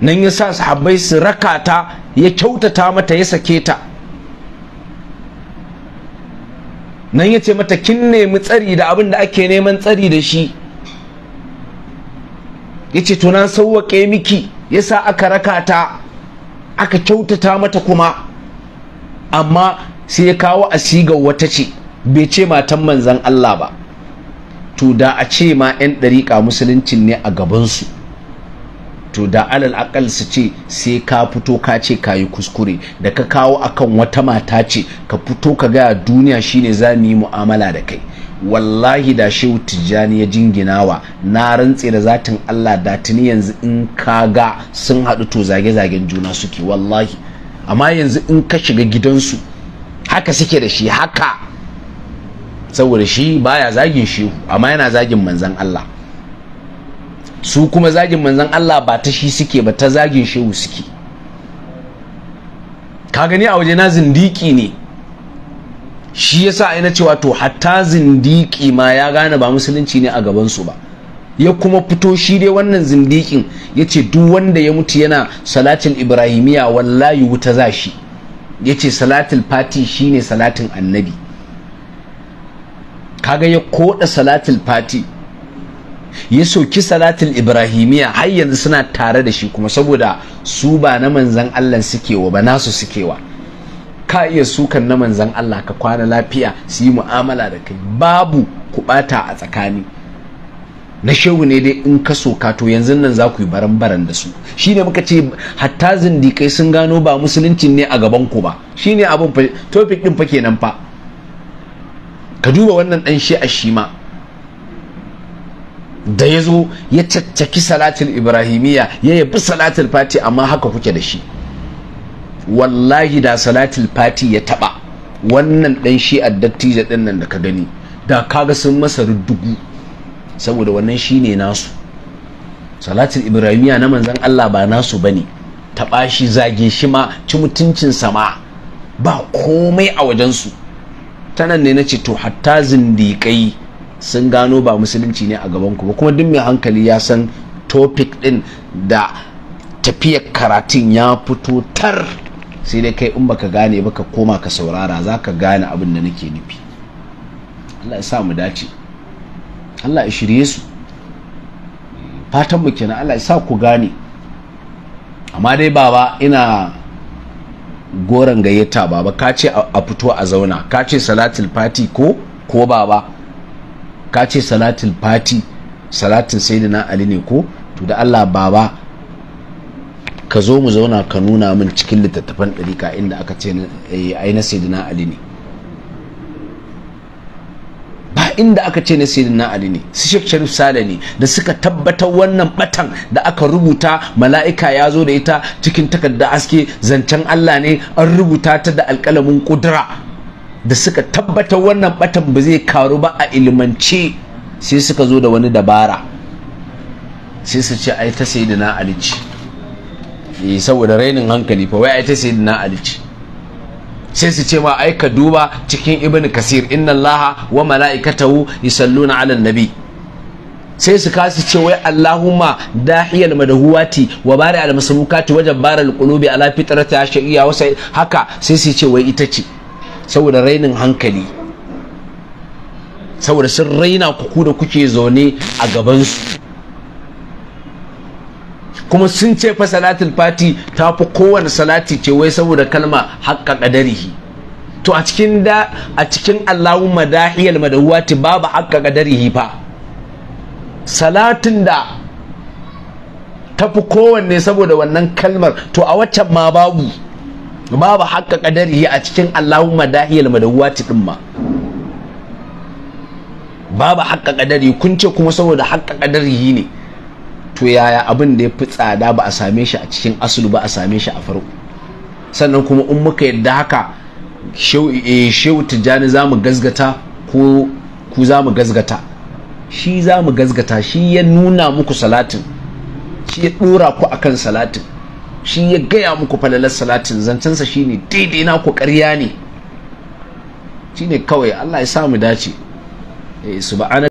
nan ya sa sahabbai su raka ta ya kyautata mata ya sake ta nan ya ce mata kin nemi tsari da abin da ake neman tsari da shi ya ce to sauwaƙe miki ya sa aka raka ta aka kyautata mata kuma amma sai ya kawo siga wata ce bai ce matan manzan Allah ba to da a ce ma 'yan ɗariƙa musuluncin ne a gabansu to da alal akal su ce sai ka fito ka ce ka yi kuskure da ka kawo akan wata mata ce ka fito ka gaya duniya shine za mu yi mu'amala da kai wallahi da shehu tijjani ya jinginawa na rantse da zatin Allah da tuni yanzu in ka ga sun haɗu to zage-zagen juna suke wallahi amma yanzu in ka shiga gidansu haka suke da shi haka saboda shi baya zagin shehu amma yana zagin manzan Allah su kuma zagin manzan Allah ba ta shi suke ba ta zagin shehu suke ka gani a waje na zindiki ne shi yasa ai na cewa to hatta zindiki ma ya gane ba musulunci ne a gabansu ba ya kuma fito shi dai wannan zindikin ya ce duk wanda ya mutu yana salatin Ibrahimiyya, wallahi wuta za shi ya ce salatin fati shi ne salatin annabi kaga ya koda salatin fati ya soki salatul ibrahimiyya har yanzu suna tare da shi kuma saboda su ba na manzan Allah sukewa wa ba nasu suke wa ka iya sukan na manzan Allah ka kwana lafiya su yi mu'amala da kai babu bata a tsakani na shehu ne dai in ka soka to yanzu nan za ku yi baran baran da su shi ne muka ce hatta zindikai sun gano ba musuluncin ne a gaban ku ba shi ne abin topic din fa kenan fa ka duba wannan dan shi a shi ma da ya zo ya caccaki salatul ibrahimiyya ya yabi salatul fati amma haka kuke da shi wallahi da salatul fati ya taba wannan dan shi dattijo din nan da ka gani da kaga sun masa ruddugu saboda wannan shi ne nasu salatul ibrahimiyya na manzan Allah ba nasu bane taba shi zage shi ma ci mutuncin sama ba komai a wajensu tanan ne na ce to hatta zindiƙai sun gano ba musulunci ne a gaban ku ba kuma duk mai hankali ya san topic din da tafiyar karatun ya fito tar sai dai kai in baka gane ba ka koma ka saurara za ka gane abin da nake nufi Allah ya sa mu dace Allah ya shirye su fatan mu kenan Allah ya sa ku gane amma dai baba ina goron gayyata baba ka ce a fito a zauna ka ce salatul fati ko ko baba ka ce salatin fati salatin sayyidina ali ne ko to da Allah baba ka zo mu zauna ka nuna min cikin littattafan ɗarika inda aka ce eh, ai na sayyidina ali ne ba inda aka ce na sayyidina ali ne su shek sharif sale ne da suka tabbatar wannan batan da aka rubuta mala'ika ya zo da ita cikin takarda aske zancen Allah ne an rubuta ta da alƙalamin kudura da suka tabbatar wannan batan ba zai karu ba a ilimance sai suka zo da wani dabara sai su ce ai ta sayyidina ali ce eh saboda rainin hankali fa wai ai ta da ali alici sai su ce ma ai ka duba cikin ibn kasir inna allaha wa mala'ikatahu yusalluna 'alan nabi sai su kasu ce wai Allahumma dahiyal madahuwati wa bari al masmukati wajen bara qulubi ala fitrata shari'a wasai haka sai su ce wai ita ce saboda rainin hankali saboda sun raina ku da kuke zaune a gabansu kuma sun ce fa salatul fati ta fi kowane salati ce wai saboda kalma haƙƙa ƙadarihi to a cikin da a cikin Allahumma dahiyal babu haƙƙa ƙadarihi fa salatin da ta fi kowanne saboda wannan kalmar to a waccan ma babu babu haƙƙa ƙadari a cikin allahumma dahiyal madawati din ma babu haƙƙa ƙadari kun ce kuma saboda haka ƙadari ne to yaya abin da ya fi tsada ba a same shi a cikin asulu ba a same shi a farko sannan kuma in muka yadda haka shehu eh, tijjani za mu gazgata ko ku za mu gazgata shi za mu gazgata shi ya nuna muku salatin shi ya ɗora ku akan salatin shi ya gaya muku falalar salatin zancensa shine daidai na ku ƙarya ne shine kawai Allah ya sa mu dace eh, subhanaka